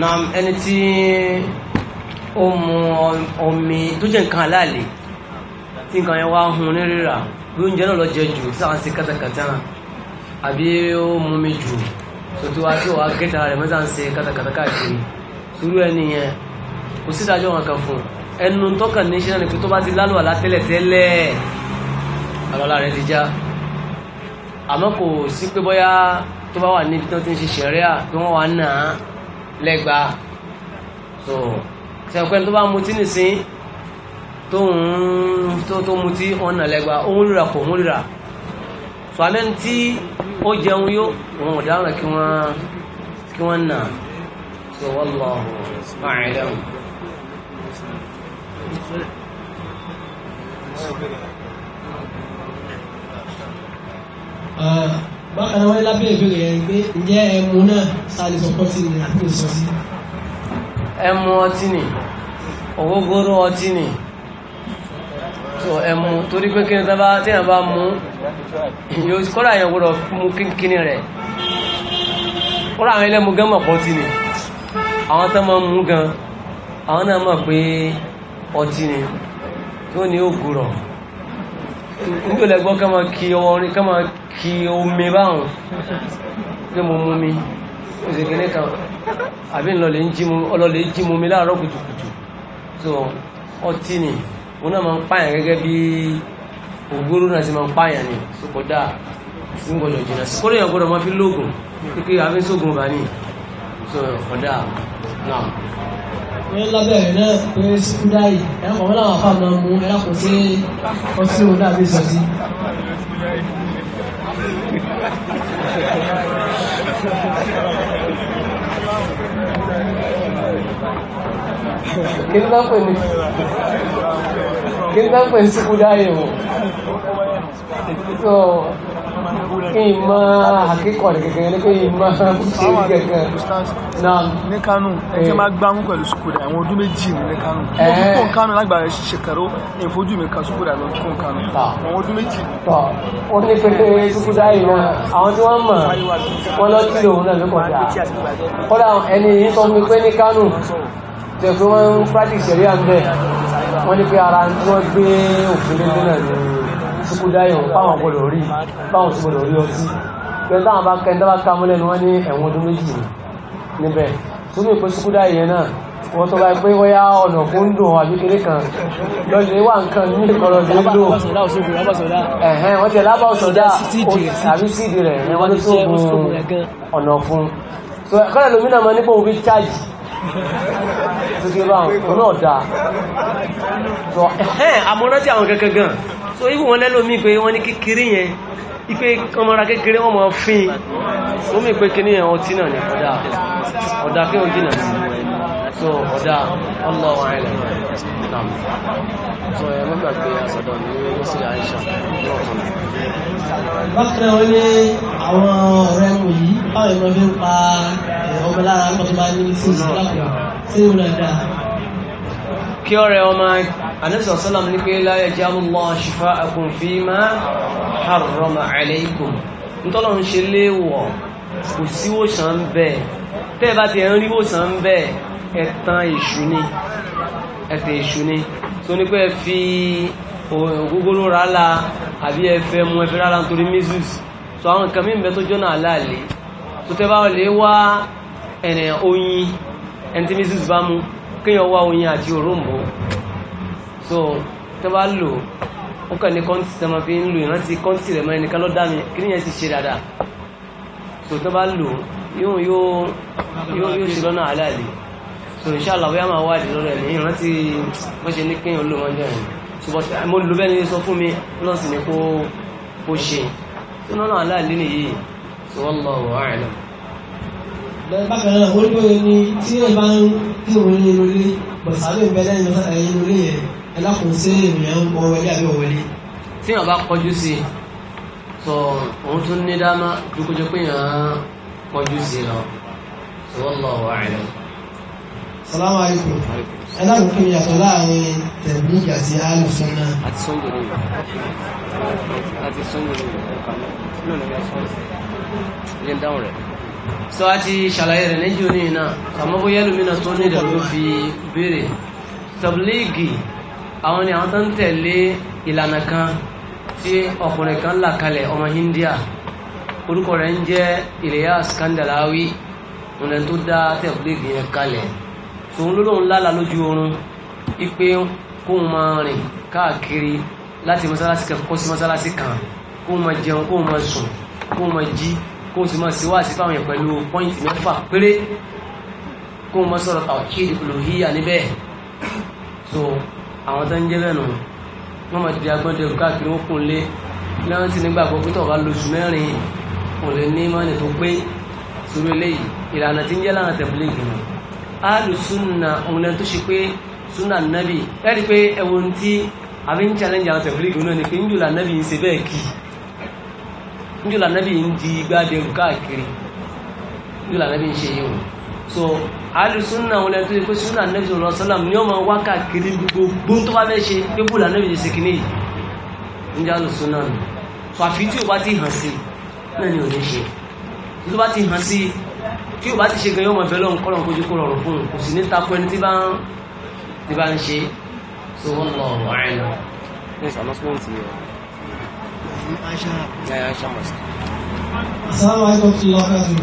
na ẹni tí ó mu omi tó jẹ́ nǹkan aláàlè tí nǹkan yẹn wá hun ní rírà bí oúnjẹ náà lọ jẹ jù sáà ń ṣe àbí ó mú mi jù sòtí wa tí wàá gé tara rẹ̀ mẹ́ta ń ṣe kátàkátà káàkiri sùúrù ẹni yẹn kò sí ìdájọ́ wọn kan fún ẹnu tọkàn ní ṣẹlẹ̀ ni pé tó bá ti lálọ́ àlá tẹ́lẹ̀ tẹ́lẹ̀ àlọ́lá rẹ̀ ti já àmọ́ kò sí pé bóyá tó bá wà níbi tó ti ń ṣe ṣẹ̀ríà pé wọ́n wà nà á lẹ́gbàá so sẹ́kọ̀ẹ́ tó bá mutí nìsín tó ń tó mutí ọ̀nà lẹ́gbàá òun rírà kò òun rírà so alẹ́ ní jẹun yó wọn ò dára kí wọn na so wallahu a'lam. Ah, bákan náà wọ́n lábẹ́ ìbéèrè yẹn pé ǹjẹ́ náà sáàlì sọ pọ́tì ni àbí òsọ sí. ọtí ni ọtí ni. sọ ẹmu torí pé kíni tábà tí a bá mú yóò kọ́lá yẹn gbọ́dọ̀ mú kíni rẹ̀ kọ́lá àwọn ẹlẹ́mu gan mọ̀ pọ́tì ni àwọn tó máa mú gan àwọn náà mọ̀ pé ọtí ni tó ní ògùrọ̀ níbi ò lẹ́gbọ́ ká máa kí ọwọ́ orin ká máa kí omi báhùn pé mo mú mi ó sì kìíní kan àbí ńlọlẹ̀ ń jí mu mi láàárọ̀ kùtùkùtù òun náà máa ń pààyàn gẹ́gẹ́ bí ògbóró náà ṣe máa ń pààyàn ni sókòdá sí ń gbọdọ̀ jìnnà sí kórè yàn gbọdọ̀ máa fi lóògùn kékeré àfi sóògùn bá ní sókòdá náà. wọ́n lábẹ́rẹ̀ náà pé síkúdá yìí ẹ̀rọ wọn làwọn afá náà mú ẹ̀rọ kò sí ọtí òun dàbí sọ̀tí. Thank you se kí ní dápẹ̀ ní kí ní dápẹ̀ ní síkú dáyé wò tó kí n mọ́ àkíkọ̀ rẹ̀ gẹ̀gẹ̀ ní kí n mọ́ ṣe rí gẹ̀gẹ̀ náà ní Kánò ẹ̀kẹ́ eh. máa gbámú pẹ̀lú sùkúdà àwọn ọdún méjì ní Kánò ọdún tó ń Kánò lágbàrẹ̀ ṣèkẹ̀rọ ìfojú mi ka sùkúdà lọ tó ń Kánò àwọn ọdún méjì tọ́ ó ní pẹ̀lú sùkúdà yìí náà àwọn tí wọ́n mọ̀ wọ́n lọ́ tẹ̀ pé wọ́n ń practice ṣẹ̀rí àgbẹ̀ wọ́n ní pé ara tí wọ́n gbé òfin lé náà ní sukúdáyọ̀ fáwọn gbọ́dọ̀ rí fáwọn sì gbọ́dọ̀ rí ọtí pé táwọn bá ni wọ́n ní ẹ̀wọ̀n ọdún méjì níbẹ̀ tó ní ìpín sukúdáyọ̀ náà wọ́n tó bá pé wọ́yá ọ̀nà fún dùn àbí kéré kan lọ́jọ́ ìwà nǹkan ní ìkọ̀rọ̀ tó ń lò ẹ̀hẹ́n wọ́n ti lábá ọ̀sọ̀dá àbí síìdì rẹ̀ ẹ̀wọ́n tó ọ̀nà fún so ẹ̀kọ́lẹ̀ lómìnà mọ́ nípa òbí chájì títí báwọn òun náà dáa sọ ẹ̀hẹ́n amúrántí àwọn kankan so ibù wọn lẹ́lòmí pé wọ́n ní kékeré yẹn ipe ọmọra kékeré wọn máa fín ó mì pé kíní yẹn ọtí náà ní ọ̀dà ọ̀dà so ọ̀dà Allahu so ẹ̀ mọ́gbà pé àsọ̀dọ̀ ní ó sì àìṣà ní ọ̀tún. bákan náà ó ní àwọn ọ̀rẹ́ wọ̀nyí báwo ni wọ́n fi ń pa ọmọ lára kan tó bá ní sí ìsìláàmù sí ìwọ̀n ẹ̀dá. kí ọ̀rẹ́ ọmọ anẹ́sọ̀ sọ́làmù ní pé láyé jẹ́ àmúmọ́ ṣìfà àkùn fi máa harrama alaykum nítọ́lọ̀ ń ṣe léèwọ̀ kò sí wòsàn ń bẹ̀ tẹ́ bá ti ẹ̀rín wòsàn ń bẹ̀ ẹ̀tàn èṣù ni ẹ̀tàn èṣù ni tó ní pé fi ògógóró rálá àbí ẹfẹ́ mú ẹfẹ́ rálá nítorí measles ẹ̀nà oyin ẹni tí mrs bá mú kéèyàn wá oyin àti òróǹbó so tó bá lò ó kàn ní kọ́ńtì tó máa fi ń lò ìrántí kọ́ńtì rẹ̀ mọ́ ẹnìkan ló dá mi kí nìyẹn ti ṣe dáadáa so tó bá lò yóò yóò yóò yóò ṣe lọ́nà àlàálì so inshallah bóyá máa wádìí lọ́rọ̀ ẹ̀mí ìrántí bó ṣe ní kéèyàn lò wọ́n jẹ́ rìn ṣùgbọ́n mo lò bẹ́ẹ̀ ni sọ fún mi lọ́sìn ni kó kó ṣe tó lọ́nà àlàálì nìyí so wallahu a'lam bákan náà wọ́n pè ní tí ẹ bá ń kí òun ní inú ilé bọ̀sálẹ̀ ìbẹ̀lẹ̀ ẹ̀yìn ilé yẹn ẹlẹ́kùn sí ènìyàn ọwọ́lé àbí ọwọ́lé. tí èèyàn bá kọjú sí i sọ òun tún ní dáná dúkọjọ pé èèyàn kọjú sí i lọ wallahu a'lam. salamu alaykum ẹlẹ́kùn kí ni yàtọ̀ láàrin tẹ̀blígì àti alùsùn náà. àti sọ́njọ́ lóyún àti sọ́njọ́ lóyún ẹ̀ka náà lónìí bí a sọ́ọ́ sọ àti ṣàlàyé rẹ̀ ní jòní náà àmọ́ bóyá lómìnà tó ní ìdàlú fi béèrè tọ́bílíìgì àwọn ni àwọn tó ń tẹ̀lé ìlànà kan tí ọkùnrin kan là kalẹ̀ ọmọ India orúkọ rẹ̀ ń jẹ́ Ilyas Kandalawi òun tó dá tẹ̀bílíìgì yẹn kalẹ̀ tòun ló lóun lálàá lójú oorun ipe kóun máa rìn káàkiri láti mọ́sálásí kan kó sí mọ́sálásí kan kóun máa jẹun kóun máa sùn kóun máa jí kó o sì máa ṣe wá sí fáwọn yẹn pẹ̀lú pọ́ìntì mẹ́fà péré kó o máa sọ̀rọ̀ tawhid uluhiyya níbẹ̀ so àwọn tó ń jẹ́ bẹ́ẹ̀ nù wọ́n máa di agbọ́dẹ káàkiri ó kún lé lẹ́yìn tí nígbàgbọ́ pé tọ̀ba lóṣù mẹ́rin kò lè ní mọ́ni tó pé sórí eléyìí ìlànà tí ń jẹ́ lánàá tẹ̀bílẹ̀ ìgbìmọ̀ alùsùnà òun lẹ́nu tó ṣe pé súnà nàbì ẹ̀rí pé ẹ̀wọ̀n tí àbí ń challenge àwọn tẹ̀bílẹ̀ ìgbìmọ̀ ni pé ń jùlọ nàbì ń ṣe bẹ́ẹ̀ kì í níjọ́ lànàbí ń di igbá dẹrù káàkiri níjọ́ lànàbí ń ṣe yìí wọn so alùsùnà wọn lẹ́tọ́ ìpé súnà nẹ́bí sọ̀rọ̀ sọ́làm ní ọmọ wákàkiri gbogbo tó bá fẹ́ ṣe pé bùlà nẹ́bí ṣe kìíní yìí níjọ́ alùsùnà nù so àfi tí o bá ti hàn sí náà ni ò ní ṣe tí o bá ti hàn sí tí o bá ti ṣe gan yóò mọ̀ fẹ́ lọ́run kọ́lọ̀ kojú kó rọrùn fún un kò sì ní takò ẹni tí bá ń ṣe so wọ́n lọ ọ̀rọ̀ àìlọ. Assalamu alaikum wa rahmatullahi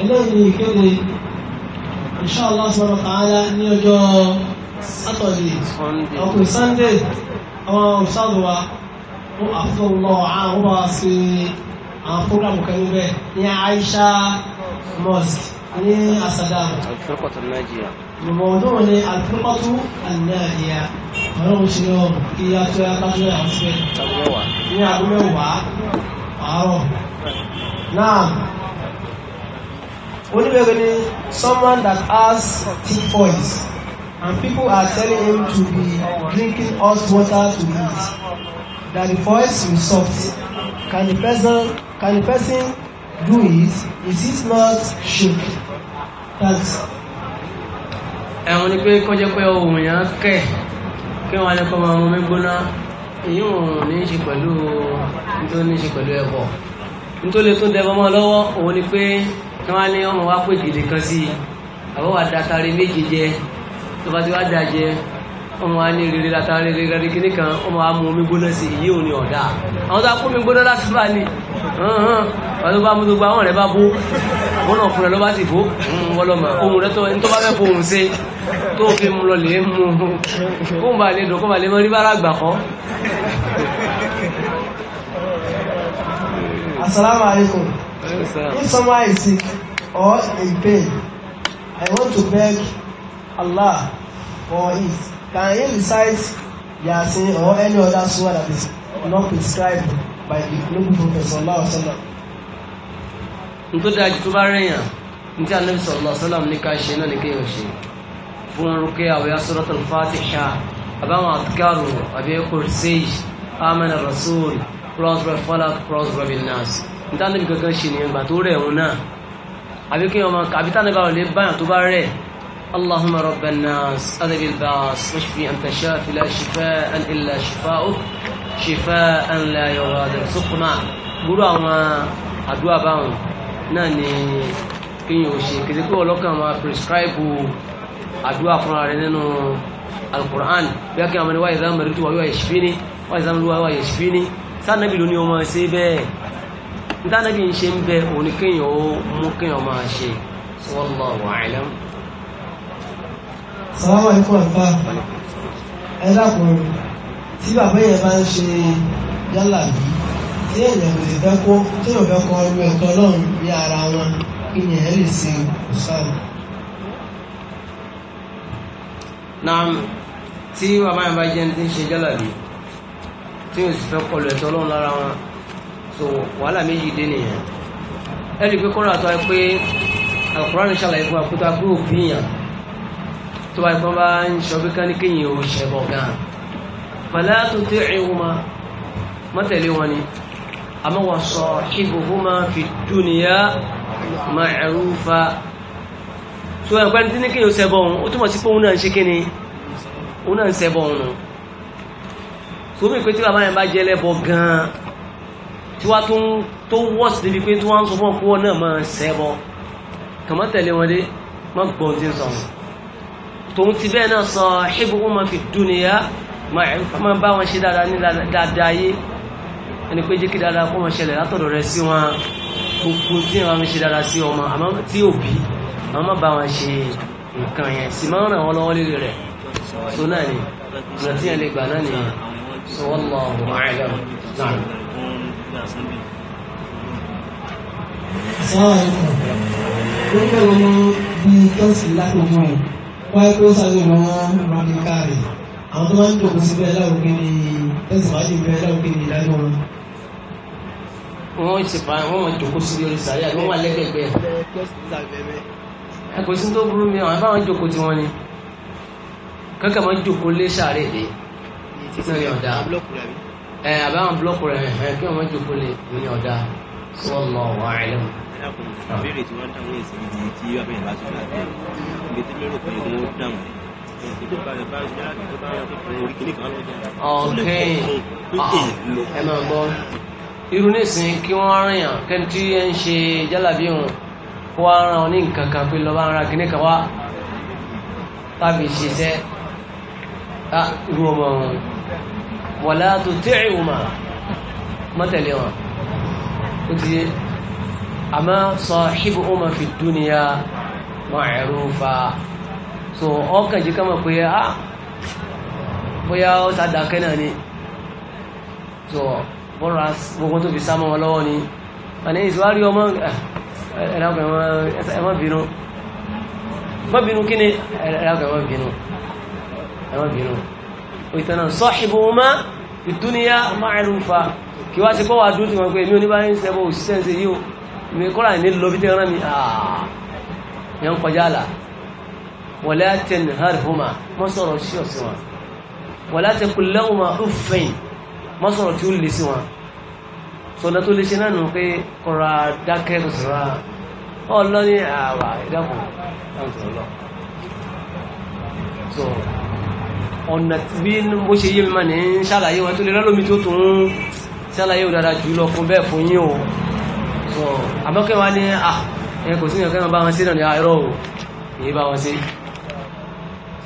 Eléyìí ni ìkéde Insha Allah subhanahu wa ta'ala ní ọjọ́ Saturday, ọkùnrin Sunday, àwọn òṣàlù wa, ó àfọwọ́ àwọn wa sí àwọn fúgàmù kan níbẹ̀ ní Aisha Mosque ní Asada. Ìmọ̀ọ́dún ni ọ̀rọ̀ kí a tó yá kájú àwọn síbẹ̀ ní aago mẹ́wàá àárọ̀ náà oníbẹ̀rẹ̀ ni someone that has thick voice and people are telling him to be drinking hot water to eat that the voice will soft can the person can the person do it is it not shirk thanks. ẹ̀wọ̀n ni pé kọjá pé ohun yẹn kẹ̀ kí wọ́n á lè kọ́ máa mú mi gbóná èyí wọn ò ní í ṣe pẹ̀lú tó ní í ṣe pẹ̀lú ẹbọ nítorí tó dẹbọ mọ́ lọ́wọ́ òun ni pé wọn ní ọmọ wa pè gidi kan sí i àbọ̀ wà dátàrí méje jẹ tó bá ti wá dà jẹ ọmọ wa ní rere látàrí rere rere kíní kan ọmọ wa mú omi gbóná sí i yíò ní ọ̀dà àwọn tó bá kó omi gbóná láti bá ní ọ̀hún ọ̀hún ọ̀dọ́ bá mú gbogbo àwọn rẹ̀ bá bó wọn náà fúnra ló bá sì fó mm, wọn lọ mà ohun rẹ tó ẹni tó bá fẹ́ fohùn ṣe tó fi mu lọ lè mu kóhùn bá lè dùn kó bá lè mọ rí gbà kọ́. Assalamu If someone is sick or in pain, I want to beg Allah for it. Can he recite Yasin or any other surah that is not prescribed by the Holy Prophet Sallallahu Alaihi Wasallam? nítorí dájú tó bá rẹ̀yàn ní tí anabi sallallahu alaihi wasallam ní ká ṣe náà ní kéèyàn ṣe fún rúkẹ́ àwẹ̀ suratul fatiha àbáwọn àtikárò àbí kùrìsì amana rasul crossbred falak crossbred nas ní tí anabi kankan ṣe nìyẹn gbà tó rẹ̀ òun náà àbí kéèyàn máa àbí tí anabi àwọn báyàn tó bá rẹ̀ اللهم رب الناس أذب الباس واشفي أنت شافي لا شفاء إلا شفاؤك شفاء لا يغادر سقما قولوا أما أدوا باون náà ni kéèyàn ò ṣe kété pé ọlọ́kàn máa prescribe àdúrà fúnra rẹ nínú alukur'an bí a kí àwọn ẹni wáyé ìzámù rẹ tó wáyé ìṣfíní wáyé ìzámù rẹ wáyé ìṣfíní sanabi ló ní ọmọ ṣe bẹ́ẹ̀ ntanabi ń ṣe ń bẹ òun ni kéèyàn ó mú kéèyàn máa ṣe wallahu a'lam. sàlámù àìkú àgbà ẹ dàpọ̀ tí bàbá yẹn bá ń ṣe yálà yìí tí èèyàn kò sì fẹ́ kó tí èèyàn fẹ́ kọ́ ọrú ẹ̀tọ́ lọ́run ara wọn kí ẹ̀ lè ṣe ìsàn. naam tí bàbá yẹn bá jẹ́ ní ti ń ṣe tí o sì fẹ́ kọlu ẹ̀tọ́ lọ́run lára wọn so wàhálà méjì dé nìyẹn ẹ rí i pé kọ́ra pé àkùrá ní ṣàlàyé fún yàn tó bá ń sọ pé ò ṣẹ̀bọ̀ gan-an pàlẹ́ àmọ́ wa sahibuhuma fi dunya ma'rufa tó ẹ̀pẹ́ ní ní kíyàn sẹ́bọ̀ ohun ó túnmọ̀ sí pé òun náà ń ṣe kí ni òun náà ń sẹ́bọ̀ ohun nù tó mì pé tí bàbá yẹn bá jẹ́ lẹ́bọ gan-an tí wá tó wọ́sì débi pé tí wọ́n ń sọ fún ọkọ̀ náà máa sẹ́bọ̀ kàmọ́ tẹ̀lé wọn dé má gbọ́ ohun tí ń sọ wọn tòun ti bẹ́ẹ̀ náà sahibuhuma fi dunya ma'rufa máa bá wọn ṣe dáadáa ní dáadáa yé ẹni pé jẹ́ kí dáadáa kó máa ṣẹlẹ̀ látọ̀dọ̀ rẹ sí wọn gbogbo tí wọn máa ṣe dáadáa sí ọmọ àmọ́ tí òbí wọn má bá wọn ṣe nǹkan yẹn sì máa ń ràn wọn lọ́wọ́ lérí rẹ̀ tó náà ni ọ̀nà tí yẹn lè gbà náà nìyẹn wọ́n lọ Àwọn tó máa ń jòkó síbẹ̀ láwùjọ ni tẹ̀sán wájú ìbẹ̀ láwùjọ ni ìdájọ́ wọn wọ́n ṣe fara wọ́n mọ̀ jòkó sí orí sàárẹ̀ àbí wọ́n wà lẹ́gbẹ̀gbẹ̀ ẹ kò sí tó burú mi àwọn àbáwọn jòkó tí wọ́n ni kankan mọ́ jòkó lé sàárẹ̀ dé ní ọ̀dà ẹ àbáwọn búlọ́kù rẹ̀ ẹ kí wọ́n mọ́ jòkó lé ní ọ̀dà wọ́n lọ wà á lẹ́mu. ìbéèrè tí wọ́n dáhùn èsì yìí tí abẹ́yẹn bá tún bá dé ibi tí mérò pé kí wọ́n dáhùn ọ̀kẹ́ ẹ máa gbọ́ irú nísìn kí wọ́n rìn yàn kẹ́ni tí ẹ ń ṣe jálàbí òun kó wá ran ọ ní nǹkan kan pé lọ́ba ara kìíní kan wá tàbí ṣiṣẹ́ irú ọmọ wọn wà látò tẹ́ẹ̀ ìwòmà mọ́tẹ̀lẹ́ wọn ó ti àmọ́ sọ ṣíbù ọmọ fi dúnìyà mọ́ ẹ̀rù fa so ọkàn jí kama pé ah bóyá ó sá dákẹ́ náà ni so wọ́n ra gbogbo tó fi sá mọ́ ni àní ìsìwárí ọmọ eh, eh, ẹ̀rọ̀kọ̀ ẹ̀mọ́ bínú mọ́ bínú kí ni ẹ̀rọ̀kọ̀ ẹ̀mọ́ bínú ẹ̀mọ́ bínú ìtànà sọ́ọ̀ṣìbò ọmọ ìdúnìyà márùn-ún kí wá sí pọ́wà dúró tí wọ́n pé mi ò ní bá ń sẹ́bọ̀ òṣìṣẹ́ ń se yíò mi kọ́ra ní lọ bí tẹ́ran mi ààyàn ah, kọjá àlà wala tanharhuma uffin má sọ̀rọ̀ tí ó lè sí wọn sọ̀dọ̀ tó lè ṣe náà nù pé kọ́ra dákẹ́ sọ̀rọ̀ ọlọ́ ní àwà ìdákùn láwùjọ lọ so ọ̀nà bí mo ṣe yé mi máa ní ṣàlàyé wọn tó lè lọ́lọ́mi tó tún ṣàlàyé òdàdà jù fún bẹ́ẹ̀ fún yín o so àmọ́kẹ́ wa ní à ẹ kò sí ìyànkẹ́ wọn bá wọn sí náà ní àárọ̀ o èyí bá wọn sí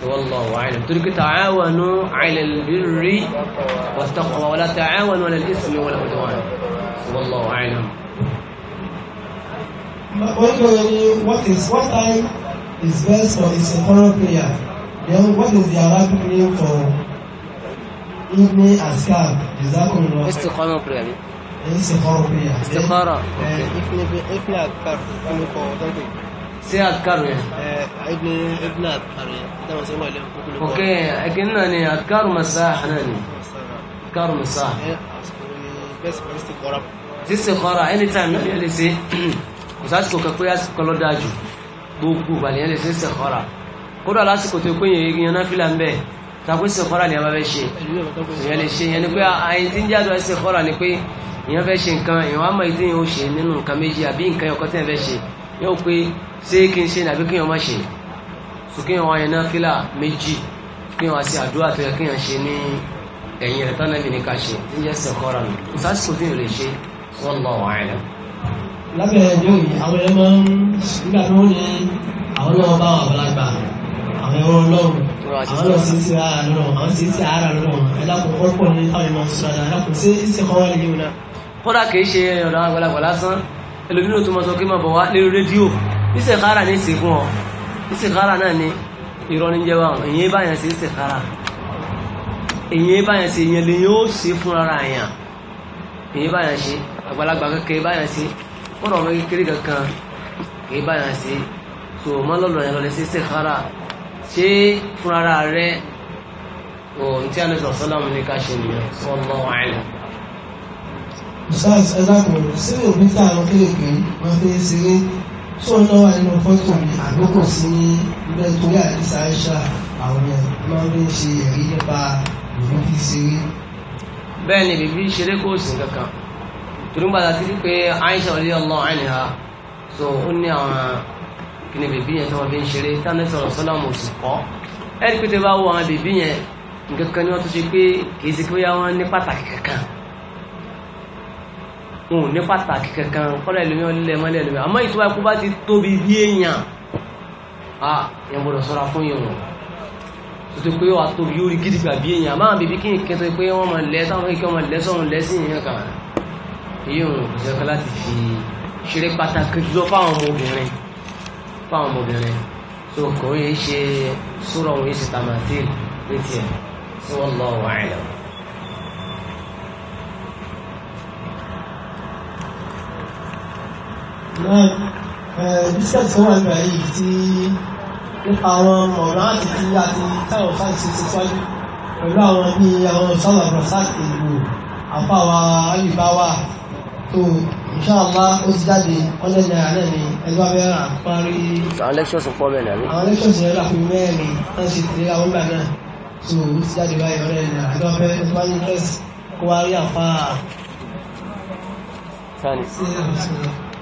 والله أعلم تلك تعاونوا على البر والتقوى ولا تعاونوا على الإثم والعدوان والله أعلم What what is what time is best for istikhara prayer? Then what is the Arabic name for evening askar? Jazakumullah. Istikhara prayer. Istikhara prayer. Istikhara. Okay. Evening evening askar. sí àkàrò yẹn. ẹgbẹ́ ẹgbẹ́ àkàrò yẹn dáwọn sí ọlọ́ọ̀lẹ́ òkúlù. ok ẹgbẹ́ náà ni àkàrò masáà náà ni àkàrò masáà. ẹ eh, àsìkò ni bẹ́sì bẹ́sì ti kọ́ra. sísè kọ́ra anytime náà yẹn lè ṣe kò sásìkò kan pé àsìkò lọ́ dáa jù gbogbo balẹ̀ yẹn lè ṣe sísè kọ́ra kódà lásìkò tó pé yẹn yan náà fìlà ń bẹ̀ tàbí sísè kọ́ra ni a bá fẹ́ ṣe yẹn lè ṣe yẹn ni pé àyìn tí ń jáde sísè kọ́ra ni pé èèyàn fẹ́ ṣe nǹkan èèyàn á mọ ìdí yẹn ó ṣe nínú nǹkan méjì àbí nǹkan ọkọ tí yẹn fẹ́ ṣe yóò pé ṣé kí n ṣe nàbí kí wọ́n má ṣe so kí wọ́n wáyé náfílà méjì kí wọ́n ṣe àdúrà tó yẹ kí wọ́n ṣe ní ẹ̀yìn rẹ̀ tán nàbí ní ká ṣe tí ń jẹ́ sẹ̀kọ́ra mi kò sásìkò tí yóò lè ṣe wọ́n lọ wọ́n àìlẹ́. lábẹ́ ẹjọ́ yìí àwọn ẹ̀ máa ń nígbà tí wọ́n ní àwọn náà bá wà bọ́lágbà àwọn ẹ̀rọ ọlọ́run àwọn náà sì ti ara lọ́rùn àwọn sì ti ara lọ́rùn ẹ̀dàkùn kọ́kọ́ ní àwọn ìmọ̀ ẹlòmínú tó mọ́sọ kí ma bọ̀ wá lérí rédíò ìsẹ̀kára ní sí fún ọ ìsẹ̀kára náà ni ìrọ́ ní jẹba ọ̀hún èyí báyàn sí ìsẹ̀kára èyí báyàn sí ìyẹn lè yóò sí fún ara àyàn èyí báyàn sí àgbàlagbà kékeré báyàn sí kọ́dọ̀ ọmọ kékeré kankan èyí báyàn sí tó mọ́ lọ́lọ́ yẹn lọ́lẹ́ sí ìsẹ̀kára ṣé fún ara rẹ ohun tí a ní sọ̀sọ́lá mu ní ká ṣe nìyẹn wọ́n lọ́wọ́ besides ẹlẹ́kùn sí òbí tá àwọn kéèké wọn fi ń ṣeré tó ń lọ́wọ́ nínú fọ́tò mi àkókò sí ilé torí àdìsá aisha àwọn ẹ̀ máa ń ṣe ẹ̀rí nípa ìlú fi ṣeré. bẹ́ẹ̀ ni bèbí ṣeré kò sí kankan torí gbàdá sí pé aisha olè ọlọ́ àìníha so ó ní àwọn kìnìún bèbí yẹn tí wọ́n fi ń ṣeré táwọn ẹ̀sìn ọ̀rọ̀ sọ́lá mo sì kọ́ ẹ̀rí bá wọ àwọn bèbí yẹn nǹkan kan ni wọ́n tún ṣe pé kì í ṣe pé wọ́n ní pàtàkì kankan wọn ò ní pàtàkì kankan kọ́lá ẹlòmíràn lílẹ̀ mọ́lẹ̀ ẹlòmíràn àmọ́ ìtura ikú bá ti tóbi bí èèyàn à yẹn gbọ́dọ̀ sọ́ra fún yẹn o tuntun pé wàá tóbi yóò rí gidi gbà bí èèyàn àmọ́ àwọn bèbí kíni kẹtọ́ pé wọ́n máa lẹ́ táwọn kékeré máa lẹ́ sọ́run lẹ́ sí ìyẹn kan èyí ò kò sí ọkàn láti fi ṣeré pàtàkì jùlọ fáwọn ọmọbìnrin fáwọn ọmọbìnrin tó kò yẹ ṣe sórọ̀ òun yẹ ṣe tàmátì létí ẹ̀ sí wọ́n lọ́wọ́ àìlẹ́wọ̀. bísíkẹ̀tì tó wà nípa yìí tí nípa àwọn ọ̀rọ̀ àti tí a ti táwọn fáìsì ti tọ́jú pẹ̀lú àwọn ní àwọn sọ́nà rọ̀sáàkì ìlú àfáwà alìbáwà tó ìṣáàmá ó ti jáde ọ̀lẹ́ náírà náà ni ẹgbẹ́ mẹ́ra parí. àwọn lẹ́kṣọ̀sì pọ̀ mẹ́rin àbí. àwọn lẹ́kṣọ̀sì yẹn láfi mẹ́rin náà ṣe tẹ̀lé àwọn ìgbà náà tó ó ti jáde báyìí ọ̀rẹ́ náírà ẹgbẹ́ fẹ́ ẹgbẹ́